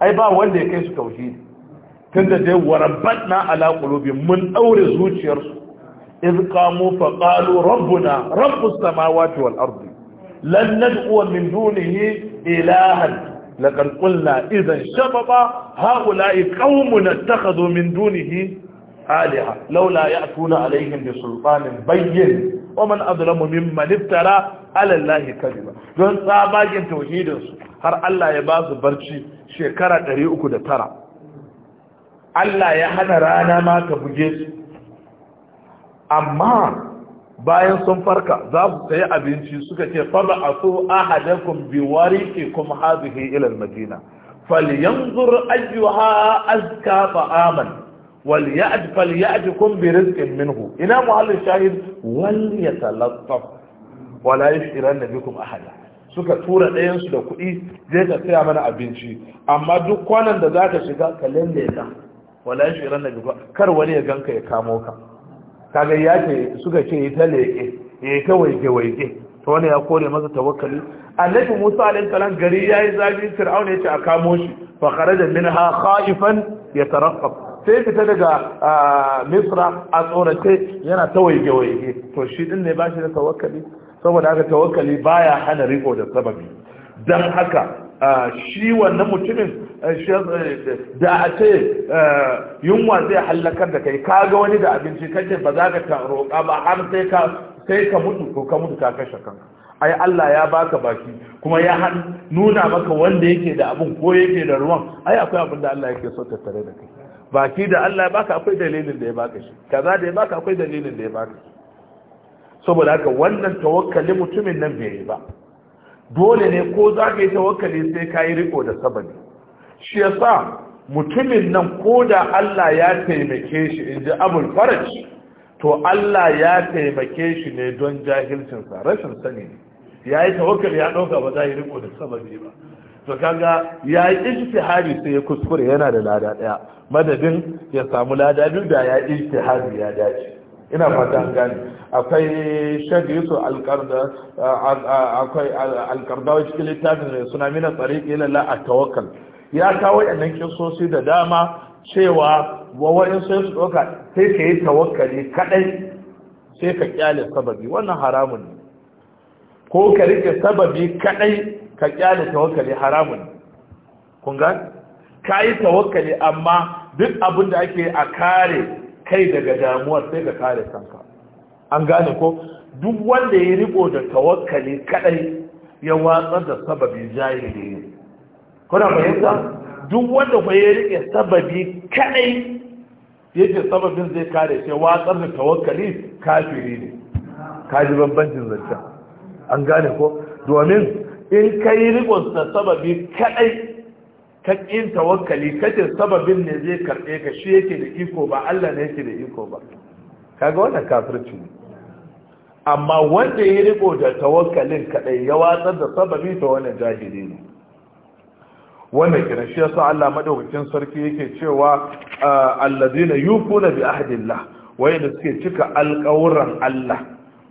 [SPEAKER 1] ai ba wanda ya kai su tauhidi tunda dai warabbatna ala qulubi mun daure zuciyarsu iz qamu fa qalu rabbuna rabbus samawati wal ardi lan nad'u min dunihi ilahan na qulna idhan shababa haula'i qaumun ittakhadhu min dunihi alaha laula ya'tuna 'alayhim bi sulthanin bayyin wa man adlamu mimman iftara 'ala allahi don sabagin tauhidin su har Allah ya ba su barci shekara ɗari da tara, Allah ya hana rana ma buge su amma bayan sun farka za su sayi abinci suka ce faba a so ahadakum bi wariqikum hadhihi ila al-madina falyanzur ayyuha azka fa'aman wal ya'd falyajikum bi in minhu ina muhallin shahid wal yatalattaf wala yushiranna a ahada suka tura ɗayan da kuɗi zai ka saya mana abinci amma duk kwanan da za ka shiga ka lalle ka wala yushiranna bikum kar wani ya ganka ya kamo ka kaga ya ce suka ce ita leƙe ya ta waike waike ta wani ya kore masa tawakkali annabi musa alayhi salam gari yayi zafin fir'aun ya ce a kamo shi fa kharaja minha khaifan yatarqab sai fita daga misra a tsorace yana ta waike waike to shi din ne shi da tawakkali saboda haka tawakkali baya hana riko da sababi dan haka shi wannan mutumin da a ce yunwa zai hallakar da kai ka ga wani da abinci kake ba za ka roƙa ba har sai ka sai ka mutu ko ka mutu ka kashe kanka ai Allah ya baka baki kuma ya nuna maka wanda yake da abun ko yake da ruwan ai akwai abin da Allah yake so tattare da kai baki da Allah ya baka akwai dalilin da ya baka shi kaza da ya baka akwai dalilin da ya baka saboda haka wannan tawakkali mutumin nan bai yi ba dole ne ko za ka yi tawakkali sai ka yi riko da sabani shi ya sa mutumin nan ko da Allah ya taimake shi in ji abul faraj to Allah ya taimake shi ne don jahilcinsa rashin sani ne ya yi tawakkali ya ɗauka ba za yi riko da sabani ba to kaga ya yi ijtihadi sai ya kuskure yana da lada ɗaya madadin ya samu lada biyu da ya ijtihadi ya dace ina fata an gane akwai shaidu yusuf akwai alkardawa cikin littafin mai suna mina tsari ila la a tawakkal ya kawo yannan kisosi da dama cewa wawarin sai su ɗauka sai ka yi tawakali kaɗai sai ka kyale sababi wannan haramun ne ko ka rike sababi kaɗai ka kyale tawakali haramun ne kun ka yi tawakali amma duk abin da ake a kare kai daga damuwar sai ka kare kanka an gane ko duk wanda ya riko da tawakkali kadai ya watsar da sababi jahili kuna fahimta duk wanda ba ya rike sababi kadai yake sababin zai kare shi watsar da tawakkali kafiri ne kaji bambancin zance an gane ko domin in kai riko da sababi kadai Kan ƙin tawakkali kace sababin ne zai karɓe ka shi yake da iko ba Allah ne yake da iko ba kaga wannan kafirci ne amma wanda ya riko da tawakkalin kadai ya watsar da sababi ta wannan jahili ne wannan kiran shi yasa Allah madaukakin sarki yake cewa ah, alladina yufuna bi ahdillah da suke cika alƙawuran Allah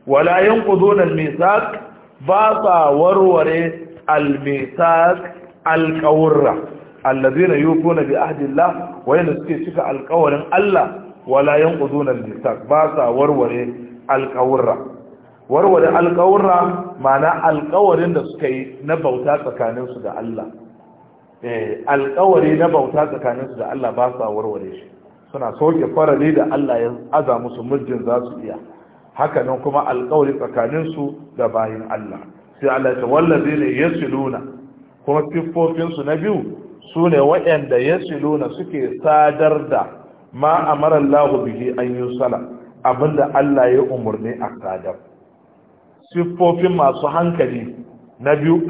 [SPEAKER 1] wala yanquduna al-mithaq ba sa warware al-mithaq alƙawurra allazina yufuna bi wayanda suke cika alƙawarin Allah wala yanquduna al-mithaq ba sa warware alƙawurra warware alƙawurra ma'ana alƙawarin da suka yi na bauta tsakanin su da Allah eh alƙawari na bauta tsakanin su da Allah ba sa warware shi suna soke farali da Allah ya aza musu mujin za su iya haka nan kuma alƙawari tsakanin su da bayin Allah sai Allah ya ce wallazina yasluna kuma siffofinsu na biyu su ne waɗanda ya siluna suke sadar da ma amarar lahu bihi an yi sala abinda Allah ya umarni a sadar siffofin masu hankali na biyu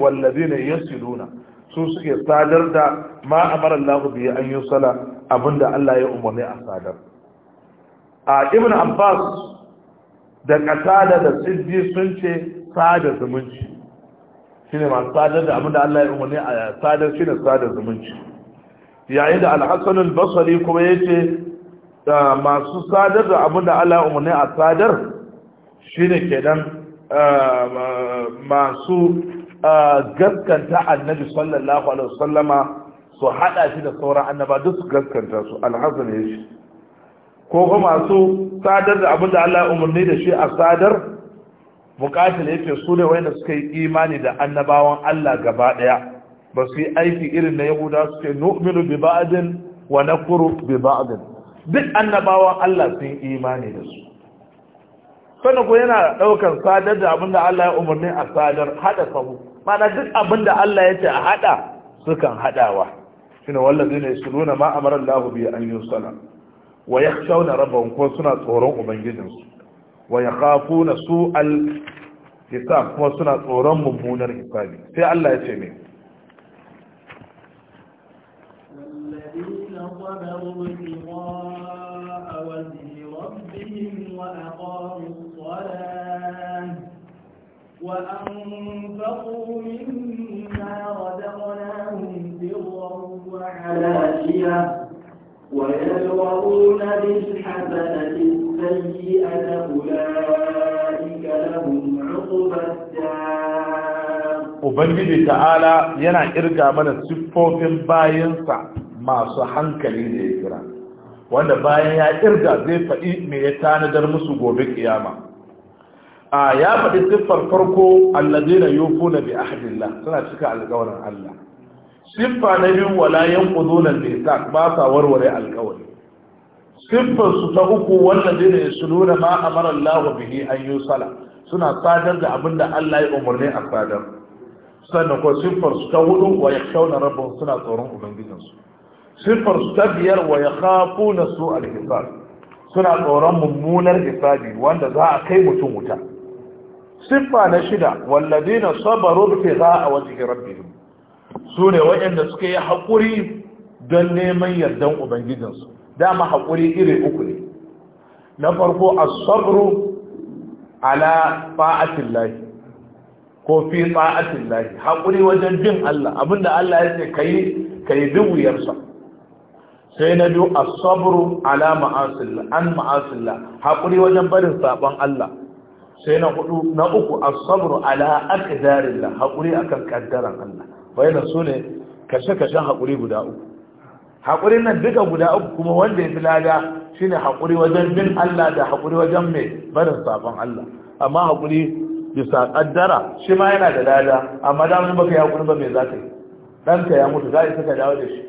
[SPEAKER 1] wallazi ne ya siluna su suke sadar da ma amarar lahu bihi an yi sala abinda Allah ya umarni a sadar a ibn abbas da katada da siddi sun ce sada zumunci shine masu sadar da abin da Allah ya umarni a sadar shi ne sadar zumunci yayin da al-hasan al-basri kuma yace masu sadar da abin da Allah ya umarni a sadar shi ne ke nan eh, masu eh, gaskanta annabi sallallahu alaihi wasallama su haɗa shi da sauran annaba duk su gaskanta su Alhassan ya yace ko kuma masu sadar da abin da Allah ya umarni da shi a sadar muqatil yace su ne wayanda suka yi imani da annabawan Allah gaba daya ba su yi aiki irin na yahuda suke nu'minu bi ba'din wa nakfuru bi ba'din duk annabawan Allah sun imani da su sannan ko yana ɗaukar sadar da abinda Allah ya umarni a sadar hada sahu mana duk abinda Allah ya ce a hada sukan hadawa shine ne su ma amara Allah bi an yusala wa yakhshawna rabbahum ko suna tsoron ubangijinsu ويخافون سوء الحساب كما سنة أوران مبونا الحساب في الله يتعلمين
[SPEAKER 2] والذين صبروا بغاء وزر ربهم وأقاروا الصلاة وأنفقوا مما رزقناهم سرا وعلاشيا ويدرؤون بالحسنة السيئة أولئك لهم عقبى Ubangiji
[SPEAKER 1] ta'ala yana irga mana siffofin bayansa masu hankali da ya kira, wanda bayan ya irga zai faɗi mai ya tanadar musu gobe kiyama. A ya faɗi siffar farko allazi na yofu na bi ahadillah suna cika alƙawarin Allah. siffa na biyu wala yanquduna al-mithaq ba sa warware alƙawari siffar su ta uku wallazi ne yasluna ma amara Allah bihi an yusala suna sadar da abin da Allah ya umarni a sadar sannan ko siffar su ta hudu wa yakhshawna rabbahum suna tsoron ubangijinsu siffar su ta biyar wa yakhafuna su'al hisab suna tsoron mummunar hisabi wanda za a kai mutum wuta siffa na shida wallazina sabaru bi a wajhi rabbihim
[SPEAKER 2] su ne waɗanda
[SPEAKER 1] suka yi haƙuri don neman yardan ubangijinsu dama haƙuri iri uku ne na farko asabru ala fa'atin lahi ko fi fa'atin lahi haƙuri wajen bin Allah abinda Allah ya ce kayi yi bin wuyarsa sai na biyu asabru ala an ma’asilla haƙuri wajen barin saɓon Allah sai na na uku asabru ala aqdarillah haƙuri akan ƙaddaran Allah bayanan su ne kashe-kashen haƙuri guda uku haƙurin nan duka guda uku kuma wanda ya fi lada shi ne haƙuri wajen bin Allah da haƙuri wajen mai barin safon Allah amma haƙuri bisa ƙaddara shi ma yana da lada amma damar baka yi haƙuri ba mai za ka yi ɗanka ya mutu za a isa ka dawo da shi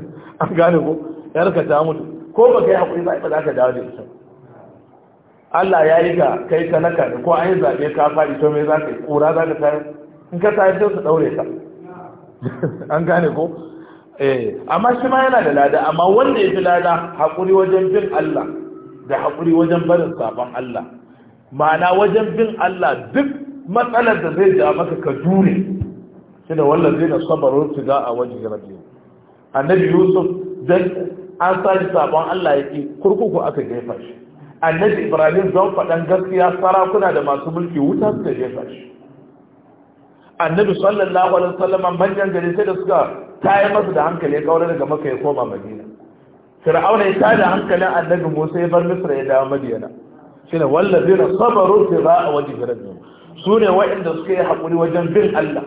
[SPEAKER 1] *laughs* an gane ko ka ta mutu ko baka yi haƙuri ba za ka dawo da ita Allah ya yi ka kai ka naka ko an yi zaɓe ka faɗi to me za ka yi ƙura za ka tayar in ka tayar sai su ɗaure ka *laughs* an gane ko eh, amma shi ma yana da lada amma wanda ya fi lada haƙuri wajen bin Allah da haƙuri wajen barin sabon Allah ma'ana wajen bin Allah duk matsalar da zai ja maka ka jure shi da wallan zai na sabarun su a wajen rabbi annabi yusuf dan an sa sabon Allah yake kurkuku aka jefa shi annabi ibrahim zan faɗan gaskiya sarakuna da masu mulki wuta suka jefa shi annabi sallallahu alaihi wasallam manyan gari sai da suka tayi masa da hankali ya kaura daga maka ya koma madina fir'auna ya tada hankalin annabi musa ya bar misra ya dawo madina shine wallazina sabaru tiba'a wajhi rabbihim sune waɗanda suka yi hakuri wajen bin Allah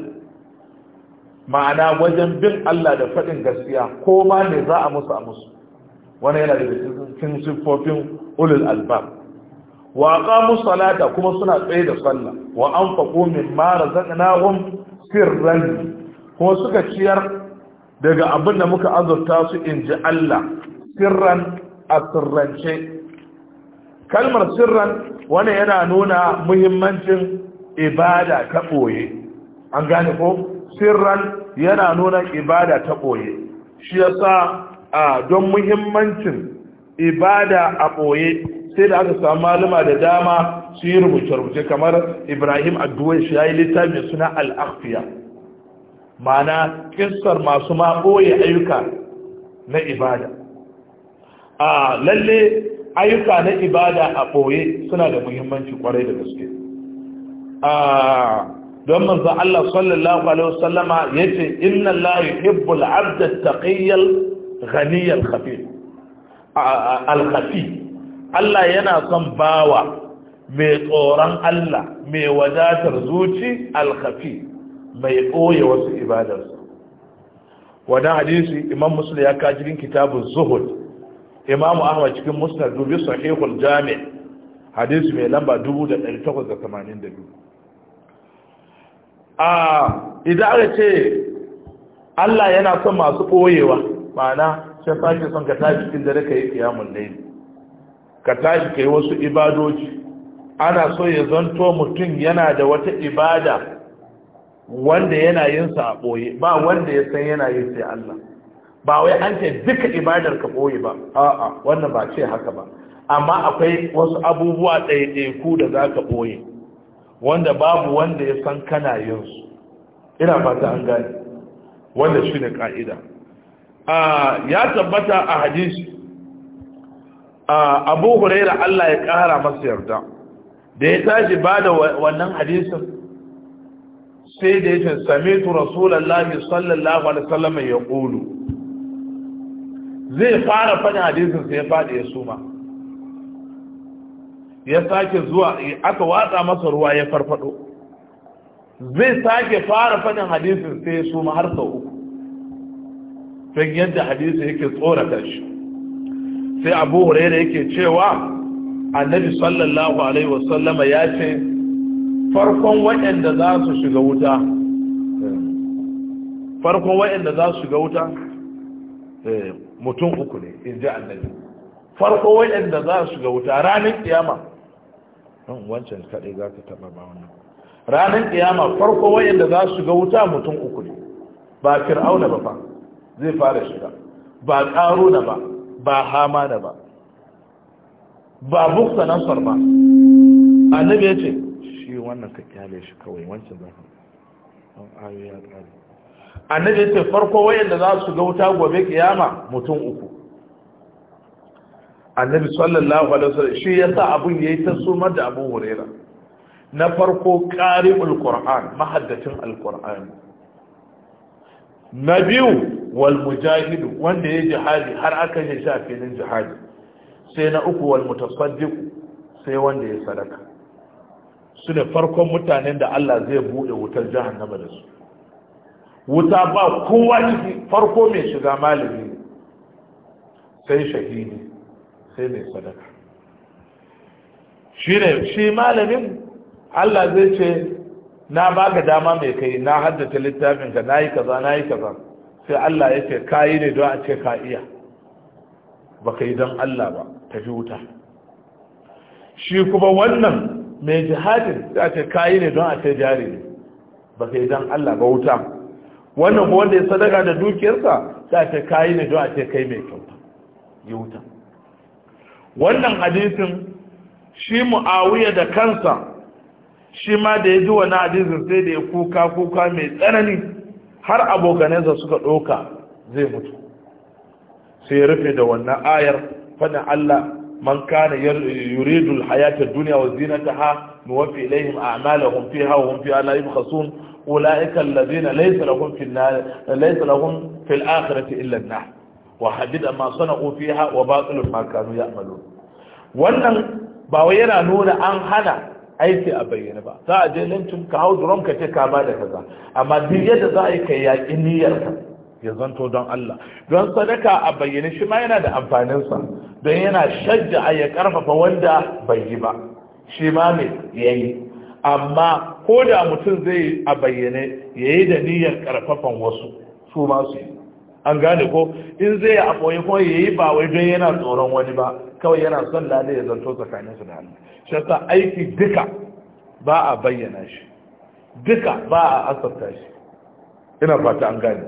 [SPEAKER 1] ma'ana wajen bin Allah da faɗin gaskiya ko ma ne za a musu a musu wani yana da cikin siffofin ulul albab wa aqamu salata kuma suna tsaye da sallah wa anfaqu mimma razaqnahum sirran kuma suka ciyar daga abin da muka azurta su inji Allah sirran a sirrance kalmar sirran wani yana nuna muhimmancin ibada ta ɓoye an gane ko sirran yana nuna ibada ta ɓoye shi yasa don muhimmancin ibada a ɓoye sai da aka samu malama da dama su yi rubuce-rubuce kamar ibrahim adduwai shi ya yi littafi suna al'afiya ma'ana kissar masu ma ɓoye ayyuka na ibada a lalle ayyuka na ibada a ɓoye suna da muhimmanci kwarai da gaske don manzo Allah sallallahu alaihi wasallama yace inna Allah yuhibbul abda taqiyyal ghaniyal khafi al khafi Allah yana son bawa mai tsoron Allah mai wadatar zuci alkhafi mai ɓoye wasu ibadarsa wani hadisi imam musul ya kajirin kitabun zuhud imam ahmad cikin musnad dubi sahihul jami hadisi mai lamba 1882 a idan aka ce Allah yana son masu ɓoyewa ma'ana shi sake son ka tafi cikin dare ka yi kiyamun laili ka tashi kai wasu ibadoji ana so ya zanto mutum yana da wata ibada wanda yana yin sa a ɓoye ba wanda ya san yana yin sai Allah ba wai an ce duka ibadar ka ɓoye ba a'a wannan ba ce haka ba amma akwai wasu abubuwa ɗaiɗaiku da za ka ɓoye wanda babu wanda ya san kana yin su ina fata an gane wanda shi ne ƙa'ida ah, ya tabbata a hadisi abu huraira Allah ya ƙara masa yarda da ya tashi ba da wannan hadisin sai da ya ce samitu rasulallahi sallallahu alaihi wasallam ya ƙulu zai fara fadin hadisin sai ya faɗi ya suma ya sake zuwa aka watsa masa ruwa ya farfado zai sake fara fadin hadisin sai ya suma har sau uku don yadda hadisi yake tsorata shi sai abu huraira yake cewa annabi sallallahu alaihi wasallama ya ce farkon waɗanda za su shiga wuta farkon waɗanda za su shiga wuta eh, mutum uku ne in ji annabi farkon waɗanda za su shiga wuta ranar kiyama hmm, wancan kaɗai za ka taɓa ba wannan ranar kiyama farkon waɗanda za su shiga wuta mutum uku ne ba fir'auna ba fa zai fara shiga ba ƙaruna ba ba hama da ba ba bukta nasar ba annabi ya ce shi wannan ka kyale shi kawai wancan za ka ayoyi ya tsari annabi ya ce farko wayanda za su ga wuta gobe kiyama mutum uku annabi sallallahu alaihi wasallam shi yasa abun yayi ta sumar da Abu Huraira na farko qari'ul Qur'an mahaddacin al-Qur'an na biyu wal mujahidu wanda ya jihadi har aka yi shi a filin jihadi sai na uku wal mutasaddiqu sai wanda ya sadaka su ne farkon mutanen da Allah zai bude wutar jahannama da su wuta ba kowa ciki farko mai shiga malami sai shahidi sai mai sadaka shi ne shi malamin Allah zai ce na baka dama mai kai na haddata littafinka na yi kaza na yi kaza sai Allah ya ce ka yi ne don a ce ka iya ba ka yi don Allah ba tafi wuta shi kuma wannan mai jihadin a ce ka yi ne don a ce jari ne ba ka yi don Allah ba wuta wannan kuma wanda ya sadaka da dukiyarsa a ce ka yi ne don a ce kai mai kyauta ya wuta wannan hadisin shi mu'awiya da kansa shi ma da ya ji wani hadisin sai da ya kuka kuka mai tsanani har abokanensa suka ɗauka zai mutu sai ya rufe da wannan ayar fadin Allah man kana yuridul hayata duniya wa zinataha nuwaffi ilaihim a'malahum fiha wa hum fiha la yubkhasun ulaika alladhina laysa lahum fil nar laysa lahum fil akhirati illa an-nar wa habida ma sana'u fiha wa batilun ma kanu ya'malun wannan ba wai yana nuna an hana aiki a bayyana ba za a je lancin ka hau duron ka ce kama da kaza amma duk yadda za a yi ka yaƙi niyyar ka ya zanto don Allah don sadaka a bayyane shi ma yana da sa don yana shajja a ya karfafa wanda bai yi ba shi ma mai yayi amma ko da mutum zai a bayyane ya yi da niyyar karfafan wasu su ma su yi an gane ko in zai a ɓoye ko ya yi ba wai don yana tsoron wani ba kawai yana son lalai ya zanto tsakanin su da Allah shi yasa aiki duka ba a bayyana shi duka ba a asarta shi ina fata an gane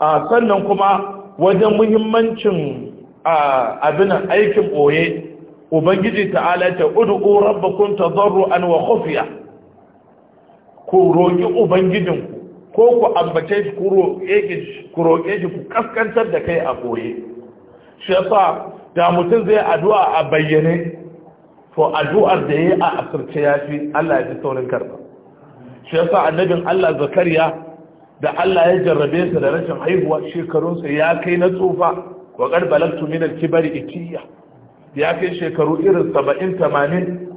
[SPEAKER 1] a sannan kuma wajen muhimmancin abin aikin boye ubangiji ta'ala ta ud'u rabbakum tadarruan wa khufiya ku roki ubangijinku ko ku ambace shi ku roke shi ku kaskantar da kai a boye shi yasa da mutum zai addu'a a bayyane to addu'ar da ya yi a asirce ya fi Allah ya fi saurin karba shi yasa annabin Allah zakariya da Allah ya jarrabe sa da rashin haihuwa shekarunsa ya kai na tsufa wa karbalaktu min al-kibari itiya ya kai shekaru irin 70 tamanin.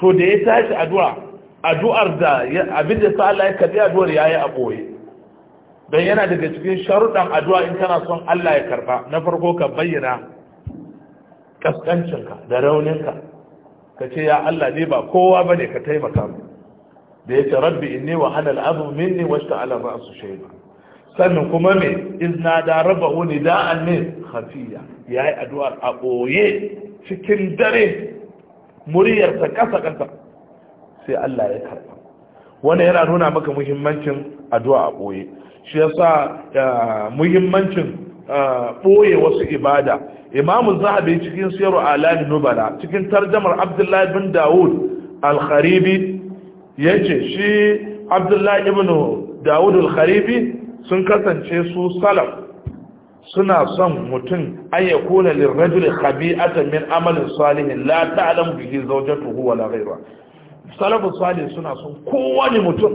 [SPEAKER 1] to da ya tashi addu'a addu'ar da abin da sa Allah ya karbi addu'ar yayi a boye dan yana daga cikin sharuɗan addu'a in kana son Allah ya karba na farko ka bayyana kaskancinka da rauninka ka ce ya Allah ne ba kowa ba ne ka taimaka mu da ya ce rabbi ne wa hanal abu minni wasu ta'ala ba su shaidu sannan kuma me izna da raba wani da'an ne hafiya ya yi addu'ar a ɓoye cikin dare muryarsa ƙasa ƙasa sai Allah ya karɓa wani yana nuna maka muhimmancin addu'a a ɓoye shi yasa eh, muhimmancin ɓoye wasu ibada imamun zahabi cikin siyarwa alani nubala cikin tarjamar abdullahi bin dawud al-kharibi ya ce shi abdullahi ibn dawud al-kharibi sun kasance su salaf suna son mutum an ya kuna lirrajul khabi'atan min amalin salihin la ta'lam bihi zawjatuhu wala ghayra salafus salih suna son kowane mutum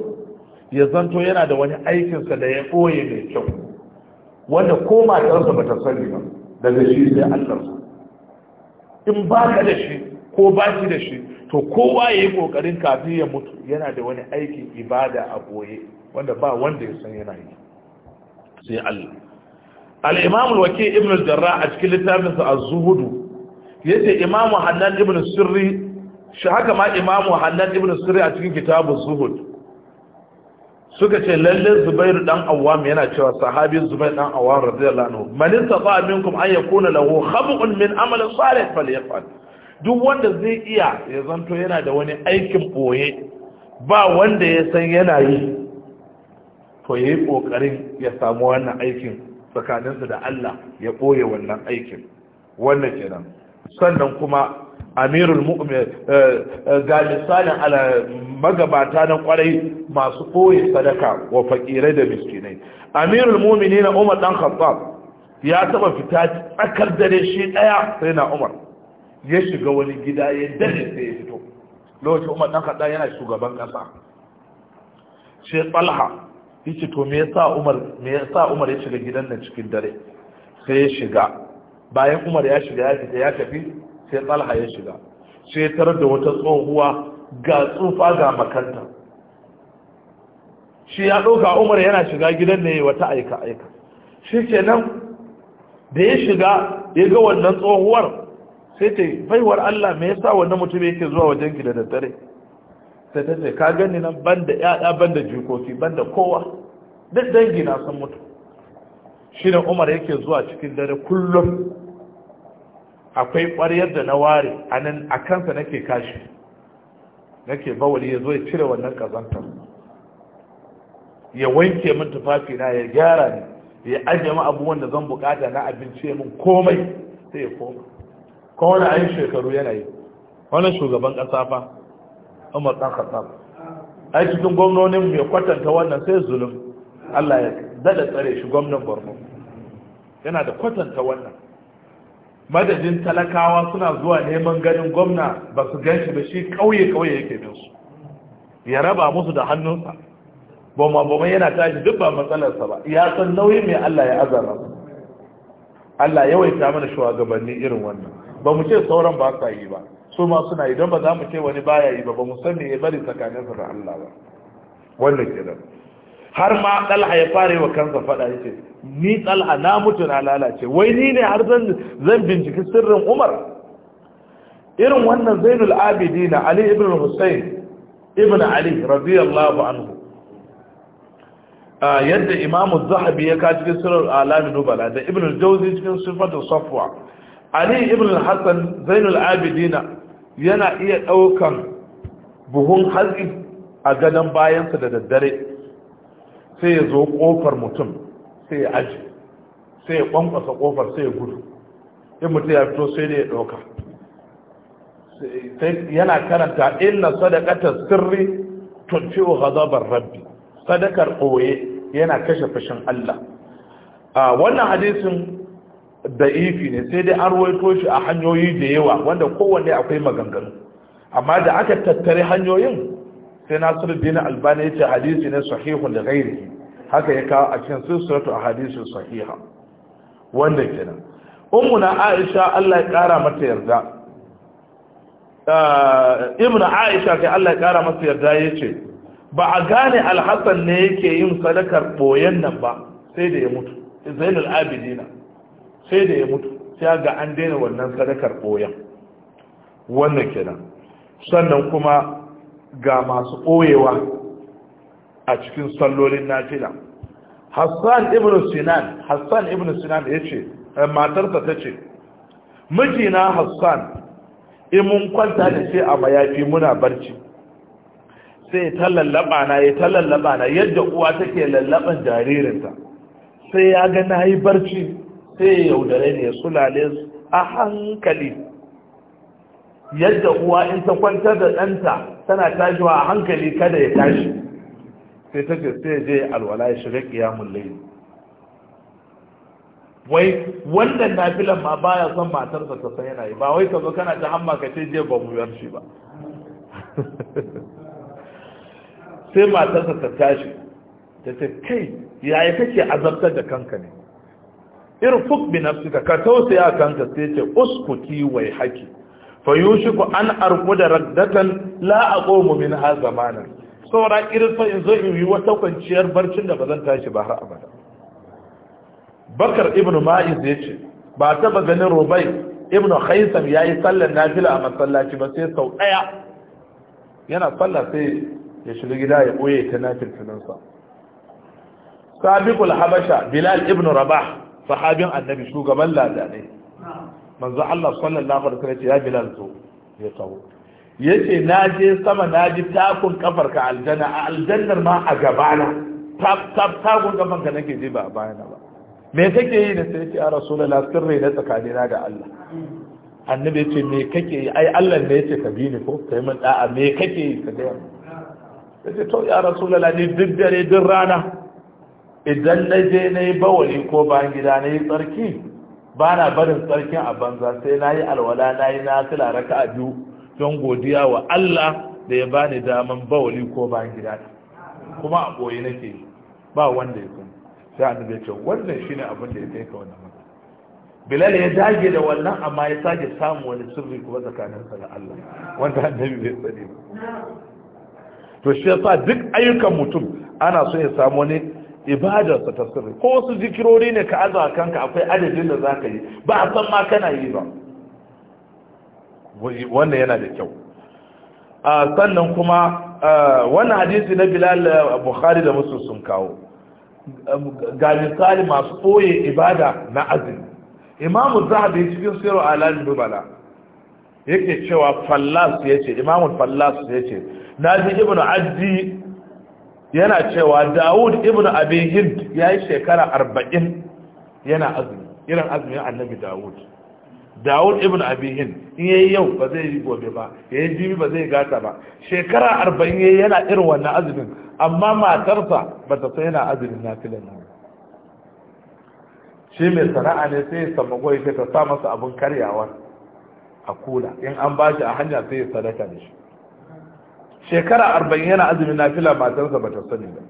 [SPEAKER 1] ya zanto yana da wani aikinsa da ya ɓoye mai kyau wanda ko matarsa ba ta sani ba daga shi sai allarsa in ba ka da shi ko ba shi da shi to kowa ya yi ƙoƙarin kafin ya mutu yana da wani aikin ibada a boye wanda ba wanda ya san yana yi sai Allah al-imam al-waqi ibn al a cikin littafinsa az Zuhudu, yace imam hannan ibn sirri shi haka ma imam hannan ibn sirri a cikin kitabun zuhud suka ce lalle zubairu dan awam yana cewa sahabi zubair dan awam radiyallahu anhu man istata minkum an yakuna lahu khab'un min amal salih falyafal duk wanda zai iya ya zanto yana da wani aikin boye ba wanda ya san yana yi to yayi kokarin ya samu wannan aikin tsakaninsa da Allah ya boye wannan aikin wannan kenan sannan kuma amirul mu'min eh, eh, ala magabata na kwarai masu koyi sadaka wa fakirai da miskinai amirul mu'minina umar dan khattab ya taba fita tsakar dare shi daya sai na umar ya shiga wani gida ya dare sai ya fito lokacin umar dan khattab yana shugaban kasa sai talha yace to me yasa umar me yasa umar ya shiga gidan nan cikin dare sai ya shiga bayan umar ya shiga ya fita ya tafi sai talha ya shiga sai tar da wata tsohuwa ga tsufa ga makanta shi ya ɗauka umar yana shiga gidan ne wata aika-aika shi ke nan da ya shiga ya ga wannan tsohuwar sai ta baiwar Allah mai yasa wannan mutum yake zuwa wajen gida da dare sai ta ce ka gani nan ban da yada, ban da jikoki ban da kowa duk dangi na san mutu shi umar yake zuwa cikin dare kullum akwai ƙwaryar da na ware a nan a kansa nake kashi nake bawali ya zo ya cire wannan ƙazantar ya wanke min tufafina ya gyara ni ya ajiye min abubuwan da zan bukata na abinci min komai sai ya koma ko wani ayin shekaru yana yi wani shugaban ƙasa fa umar ɗan khattab a cikin gwamnonin mai kwatanta wannan sai zulum Allah ya dada tsare shi gwamnan Borno yana da kwatanta wannan madadin talakawa suna zuwa neman ganin gwamna ba su gan shi ba shi kauye-kauye yake bin su ya raba musu da hannunsa boma boma yana tashi duk ba matsalarsa ba ya san nauyin mai Allah ya azara Allah ta mana shugabanni irin wannan ba mu ce sauran ba sa yi ba su ma suna idan ba za mu ce wani baya yi ba ba mu san me ya bari tsakaninsa da Allah ba wannan kenan har ma dalha ya fare wa kansa fada yake ni tsalha na mutu na lalace wai ni ne har zan binciki sirrin umar irin wannan zainul abidina ali ibn hussein ibn ali radiyallahu anhu ah, yadda imamu zahabi ya ka cikin sirar alamin nubala da ibn al-jawzi cikin sifatul safwa ali ibn Hassan hasan zainul abidina yana iya ɗaukan buhun hatsi a gadon bayansa da daddare sai ya zo ƙofar mutum sai ya aji sai ya kwankwasa kofar sai ya gudu in mutum ya fito sai da ya ɗauka yana karanta inna sadaqata sirri tunfi'u ghadabar rabbi sadakar ɓoye yana kashe fashin Allah wannan hadisin daifi ne sai dai an ruwaito shi a hanyoyi da yawa wanda kowanne akwai maganganu amma da aka tattare hanyoyin sai nasiruddin albani ya ce hadisi ne sahihun da ghairi haka ya kawo a cikin sirratu a hadisun sahiha wanda kenan ummuna aisha Allah ya kara mata yarda ah, ibnu aisha kai Allah ya kara mata yarda ya ce. ba a gane alhassan ne yake yin sadakar boyen nan ba sai da ya mutu zainul abidina sai da ya mutu sai ga an daina wannan sadakar boyen wannan kenan sannan kuma ga masu ɓoyewa a cikin sallolin nafila hassan ibn sinan hassan ibn sinan ya ce eh, matarsa ta ce mijina hassan in mun kwanta da sai a mayafi muna barci sai ta lallaba na ya ta lallaba na yadda uwa take lallaban jaririnta sai ya ga na yi barci sai ya yaudare ne ya sulale a hankali yadda uwa in ta kwantar da ɗanta tana tashiwa a hankali kada ya tashi sai ta sai je alwala ya shiga kiyamun layi wai wannan nafilan ma baya son matarsa ta san yana yi ba wai ka zo kana ta hamma ka ce je ba mu yar shi ba *laughs* sai matarsa ta tashi ta ce kai yaya kake azabtar da kanka ne irfuk bi nafsika ka tausaya kanka sai ce uskuti wai haki fa yushiku an da raddatan la aqumu min ha zamanan saboda irin son in yi wata kwanciyar barcin da ba zan tashi ba har abada bakar ibnu ma'iz ya ce ba taba ganin robai ibnu haisan ya yi sallar nafila a masallaci ba sai sau ɗaya yana sallah sai ya shiga gida ya ɓoye ta nafil filinsa sabiqul habasha bilal ibnu rabah sahabin annabi shugaban ladanai manzo Allah sallallahu alaihi wasallam ya bilal zo ya tawo yace na je sama na ji takun kafar ka aljanna a aljannar ma a gabana tap tap takun kafar ka nake ji ba a bayana ba me kake yi da sai ce a rasulullah sirri na tsakanina da Allah annabi yace me kake yi ai Allah ne yace ka bi ni ko kai mun da'a me kake yi ka da yace to ya rasulullah ni duk dare duk rana idan na je na yi bawali ko bayan gida na yi tsarki ba na barin tsarkin a banza sai na yi alwala na yi na tula raka biyu don godiya wa Allah da ya bani daman bawali ko bayan gida kuma a boye nake ba wanda ya san sai an ya ce wannan shine abin da ya kai ka wannan bilal ya dage da wannan amma ya sake samu wani sirri kuma tsakanin sa da Allah wanda annabi bai sani ba to shi yasa duk ayyukan mutum ana so ya samu ne ibadarsa ta sirri ko wasu zikirori ne ka aza kanka akwai adadin da zaka yi ba a san ma kana yi ba wannan yana da kyau sannan kuma wannan hadisi na bilal bukhari da musu sun kawo ga misali masu ɓoye ibada na azumi imamu zahabi cikin siro alamin dubala yake cewa fallas ya ce fallas ya ce na ji ibn addi yana cewa dawud ibn abi hind ya yi shekara arba'in yana azumi irin azumin annabi dawud dawud ibn abihin in yayi yau ba zai yi gobe ba yayi jibi ba zai gata ba shekara arba'in yayi yana irin wannan azumin amma matarsa ba ta sai yana azumin nafilan nan shi mai sana'a ne sai ya samu goyi sai ta sa masa abin karyawa a kula in an ba shi a hanya sai ya sadaka da shi shekara arba'in yana azumin nafila matarsa ba ta sani ba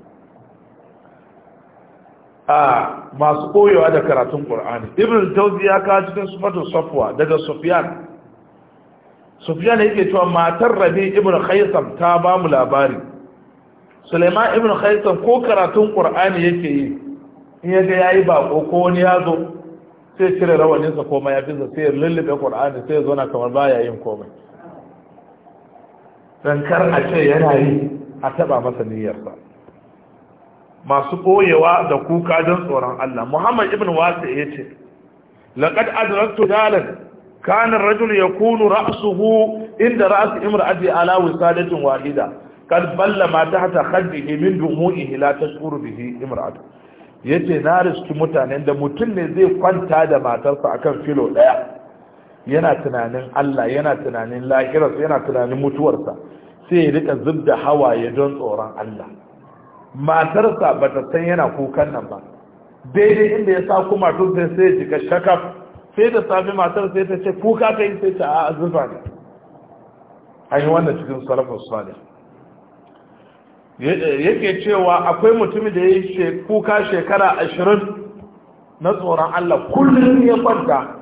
[SPEAKER 1] a masu koyewa da karatun ƙur'ani ibn tauzi ya kawo cikin sufatu safwa daga sufyan sufyan yake cewa matar rabi ibn khaisam ta ba mu labari suleiman ibn khaisam ko karatun ƙur'ani yake yi in ya ga yayi baƙo ko wani ya zo sai cire rawaninsa ko mayafinsa sai ya lullube ƙur'ani sai ya zo na kamar ya yin komai dan kar a ce yana yi a taɓa masa niyyarsa masu ɓoyewa da kuka don tsoron Allah Muhammad ibn Wasi ya ce laqad adraktu dalan kana ar Yakunu, yakunu ra'suhu inda ra's imra'ati ala wisadatin wahida kad balla ma tahta khaddihi min Ihila ta tashkuru bihi Ya yace na riski mutanen da mutum ne zai kwanta da matarsa akan filo ɗaya. yana tunanin Allah yana tunanin lahirarsa yana tunanin mutuwarsa sai ya rika zubda hawaye don tsoron Allah matarsa ba ta san yana kukan nan ba daidai inda ya sa kuma tun sai sai jika shakaf sai da safi matar sai ta ce kuka ta yi sai ta a zufa ne an yi wannan cikin salafin sani yake cewa akwai mutumin da ya yi kuka shekara ashirin na tsoron Allah kullum ya kwanta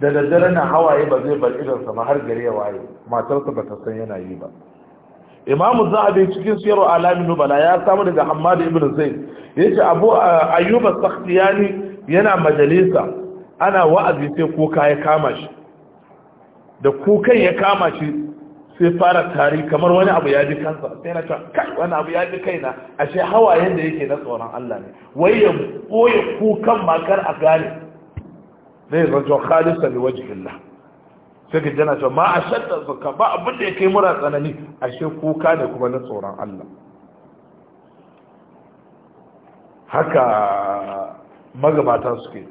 [SPEAKER 1] da daddare na hawaye ba zai bar idansa ba har gari ya waye matarsa ba ta san yana yi ba imamu zahabi cikin siyar alamin nubala ya samu daga hamad ibn zaid yace abu ayyuba sakhtiyani yana majalisa ana wa'azi sai kuka ya kama shi da kukan ya kama shi sai fara tari kamar wani abu ya ji kansa sai na kai wani abu ya ji kaina ashe hawayen da yake na tsoron Allah ne wai ya boye kukan makar a gane zai rajo khalisa wajen allah sai jana cewa ma a shadda zuka ba abin da ya kai mura tsanani ashe kuka ne kuma na tsoron Allah haka magabata suke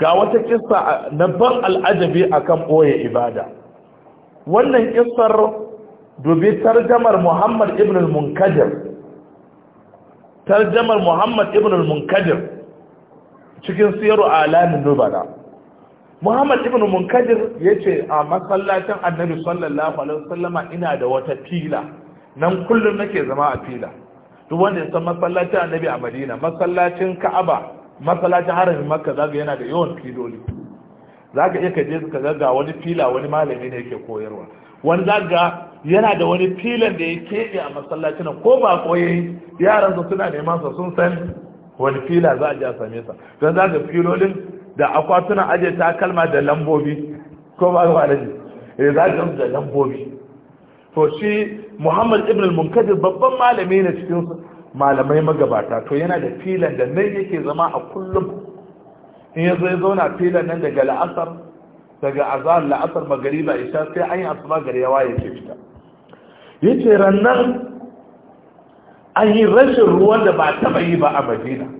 [SPEAKER 1] ga wata kissa na ban al'ajabi akan boye ibada wannan kissar dubi tarjamar Muhammad ibn al-Munkadir tarjamar Muhammad ibn al-Munkadir cikin siyaru alamin nubala Muhammad ibn Munkadir ce, a masallacin Annabi sallallahu alaihi wasallama ina da wata fila nan kullum nake zama a fila duk wanda ya san masallacin Annabi a Madina masallacin Ka'aba masallacin harami Makka zaka yana da yawan filoli zaka iya kaje ka ga wani fila wani malami ne yake koyarwa wani zaka yana da wani filan da ya keɓe a masallacin ko ba koyi yaran su suna neman sa sun san wani fila za a ji a same sa don zaka filolin da akwatunan ajiye takalma da lambobi ko ba zuwa alaji ya da lambobi to shi muhammad ibn al-munkadir babban malami ne cikin malamai magabata to yana da filan da nan yake zama a kullum in ya zo ya zauna filan nan daga la'asar daga azar la'asar magariba isha sai an yi asuba gari yawa ya ke fita ya rannan an yi rashin ruwan da ba taba yi ba a madina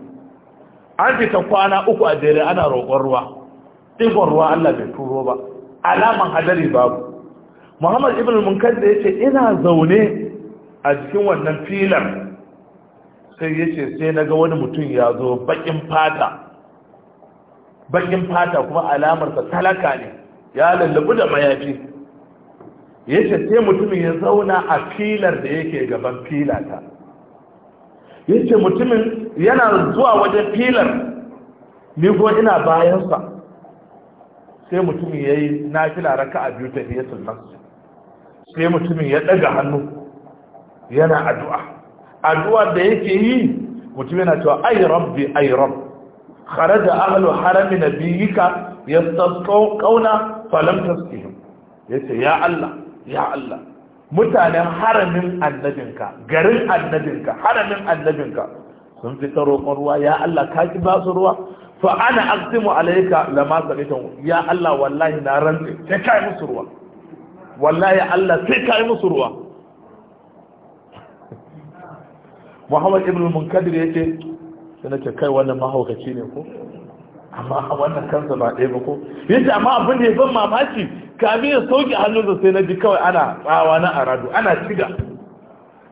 [SPEAKER 1] an fita kwana uku a jere ana roƙon ruwa ɗigon ruwa Allah bai turo ba alaman hadari babu muhammad ibn munkar da ce ina zaune a jikin wannan filar sai ya ce sai na ga wani mutum ya zo bakin fata bakin fata kuma alamarsa talaka ne ya lallabu da mayafi Ya ce sai mutumin ya zauna a filar da yake gaban filata Yace mutumin yana zuwa wajen filar nigo ina bayansa sai mutumin ya yi na fila raka a biyu tafiye sunan sai mutumin ya ɗaga hannu yana addu'a addu'a da yake yi mutum yana cewa ai rabbi ai rabb kharaja ahlu harami nabiyika yastasqawna falam tasqihim yace ya Allah ya Allah mutanen haramin annabinka garin annabinka haramin annabinka sun fi ta roƙon ruwa ya Allah ka ki ba su ruwa fa ana aqsimu alayka lama saqitun ya Allah wallahi na rantsi sai kai musu ruwa wallahi Allah sai kai musu ruwa Muhammad ibn Munkadir yace sai nace kai wannan mahaukaci ne ko amma wannan kansa ba ɗaya ba ko yace amma abin da ya ban mamaki kafin ya sauke hannunsa sai na ji kawai ana tsawa na aradu ana shiga.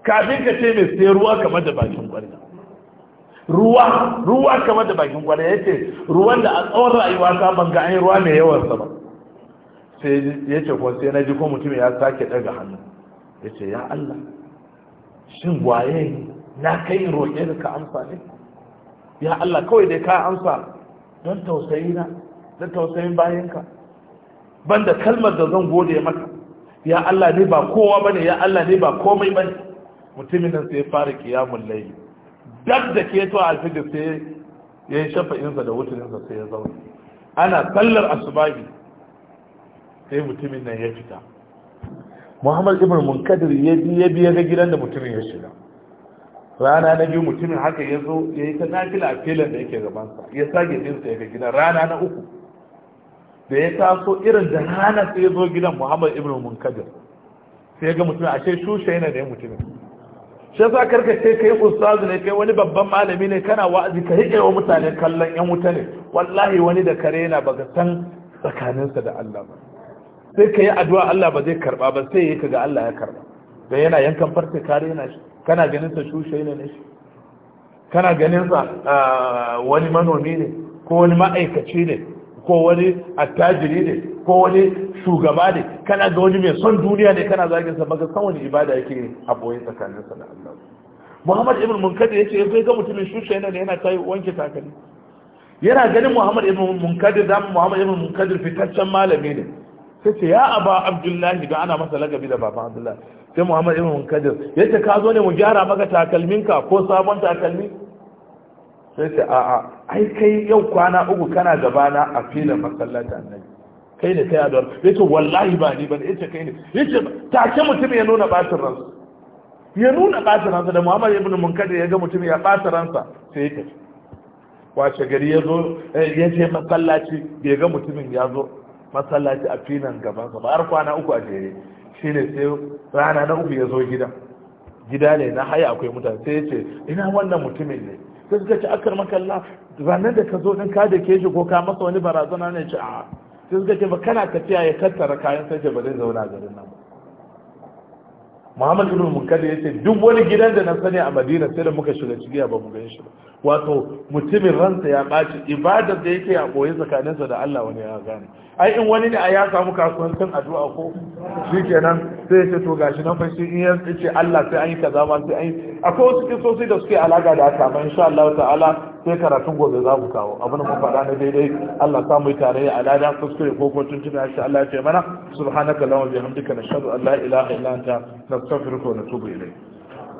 [SPEAKER 1] kafin ka ce mai sai ruwa kamar da bakin kwarya ruwa ruwa kamar da bakin kwarya yace ruwan da a tsawon rayuwa ta ban ga an ruwa mai yawan sa ba sai yace ko sai na ji ko mutum ya sake daga hannu yace ya Allah shin waye na kai roƙe ka amsa ne ya Allah kawai dai ka amsa don tausayi na don tausayin bayanka banda kalmar da zan gode maka ya Allah ne ba kowa bane ya Allah ne ba komai bane mutumin nan sai fara kiyamun layi dab da ke to alfijir sai ya yi insa da wutuninsa sai ya zauna ana sallar asubahi sai mutumin nan ya fita muhammad ibn munkadir ya biya ga gidan da mutumin ya shiga rana na biyu mutumin haka ya zo ya yi ta nafila a filin da yake gabansa ya sage jinsa ya ga gidan rana na uku da ya taso irin da rana sai ya zo gidan muhammad ibn munkadir sai ga mutumin shai shushe yana da mutumin shi sa karka ka kai ustazu ne kai wani babban malami ne kana wa'azi ka riƙe wa mutane kallon yan wuta ne wallahi wani da kare yana baka san tsakaninsa da Allah ba sai ka yi addu'a Allah ba zai karba ba sai ya ga Allah ya karba da yana yankan farce kare yana shi kana ganin sa shushe ne ne kana ganin sa ah, wani manomi ne ko wani ma'aikaci ne ko wani attajiri ne ko wani shugaba ne kana ga wani mai son duniya ne kana zagin sa baka kawai ibada yake a boye tsakanin sa da Allah Muhammad ibn Munkadir yace yazo ga mutumin shushe ne yana tayi wanke takalmi yana ganin Muhammad ibn Munkadir da Muhammad ibn Munkadir fitaccen malami ne sai ce ya aba Abdullahi da ana masa lagabi da Baba Abdullahi sai muhammad ibn munkadir ce ka zo ne mu gyara maka takalminka ko sabon takalmi sai ce a'a ai kai yau kwana uku kana gabana a filin masallata annabi kai ne ta adawar ya ce wallahi ba ni ba ne ya ce kai ne ya ce take mutum ya nuna batin ransa ya nuna batin ransa da muhammad ibn munkadir ya ga mutum ya ɓata ransa sai ya tafi washe gari ya zo eh, ya ce masallaci bai ga mutumin ya zo masallaci a filin gabansa ba har kwana uku a jere shi ne sai rana na uku ya zo gida gida ne na haya akwai mutane sai ya ce ina wannan mutumin ne sai suka ce akar makalla ranar da ka zo din ka da ke shi ko ka masa wani barazana ne ce a sai suka ce ba kana tafiya ya tattara kayan sai ce ba zai zauna garin nan ba muhammad ibn munkadir ya ce duk wani gidan da na sani a madina sai da muka shiga cikiya ba mu gan shi ba wato mutumin ransa ya ɓaci ibadar da yake a koyi tsakaninsa da allah wani ya gane ai in wani ne a ya samu kasuwancin addu'a ko shi kenan sai ya ce to gashi nan fa shi in ya ce Allah sai an yi kaza ma sai an yi akwai wasu kisosi da suke alaka da haka amma insha Allah ta'ala sai karatun gobe za mu kawo abin mu faɗa na daidai Allah sa mu tare ya alada kuskure ko ko tun tun insha Allah ya ce mana subhanaka wa bihamdika nashhadu an la ilaha illa anta nastaghfiruka wa natubu ilayk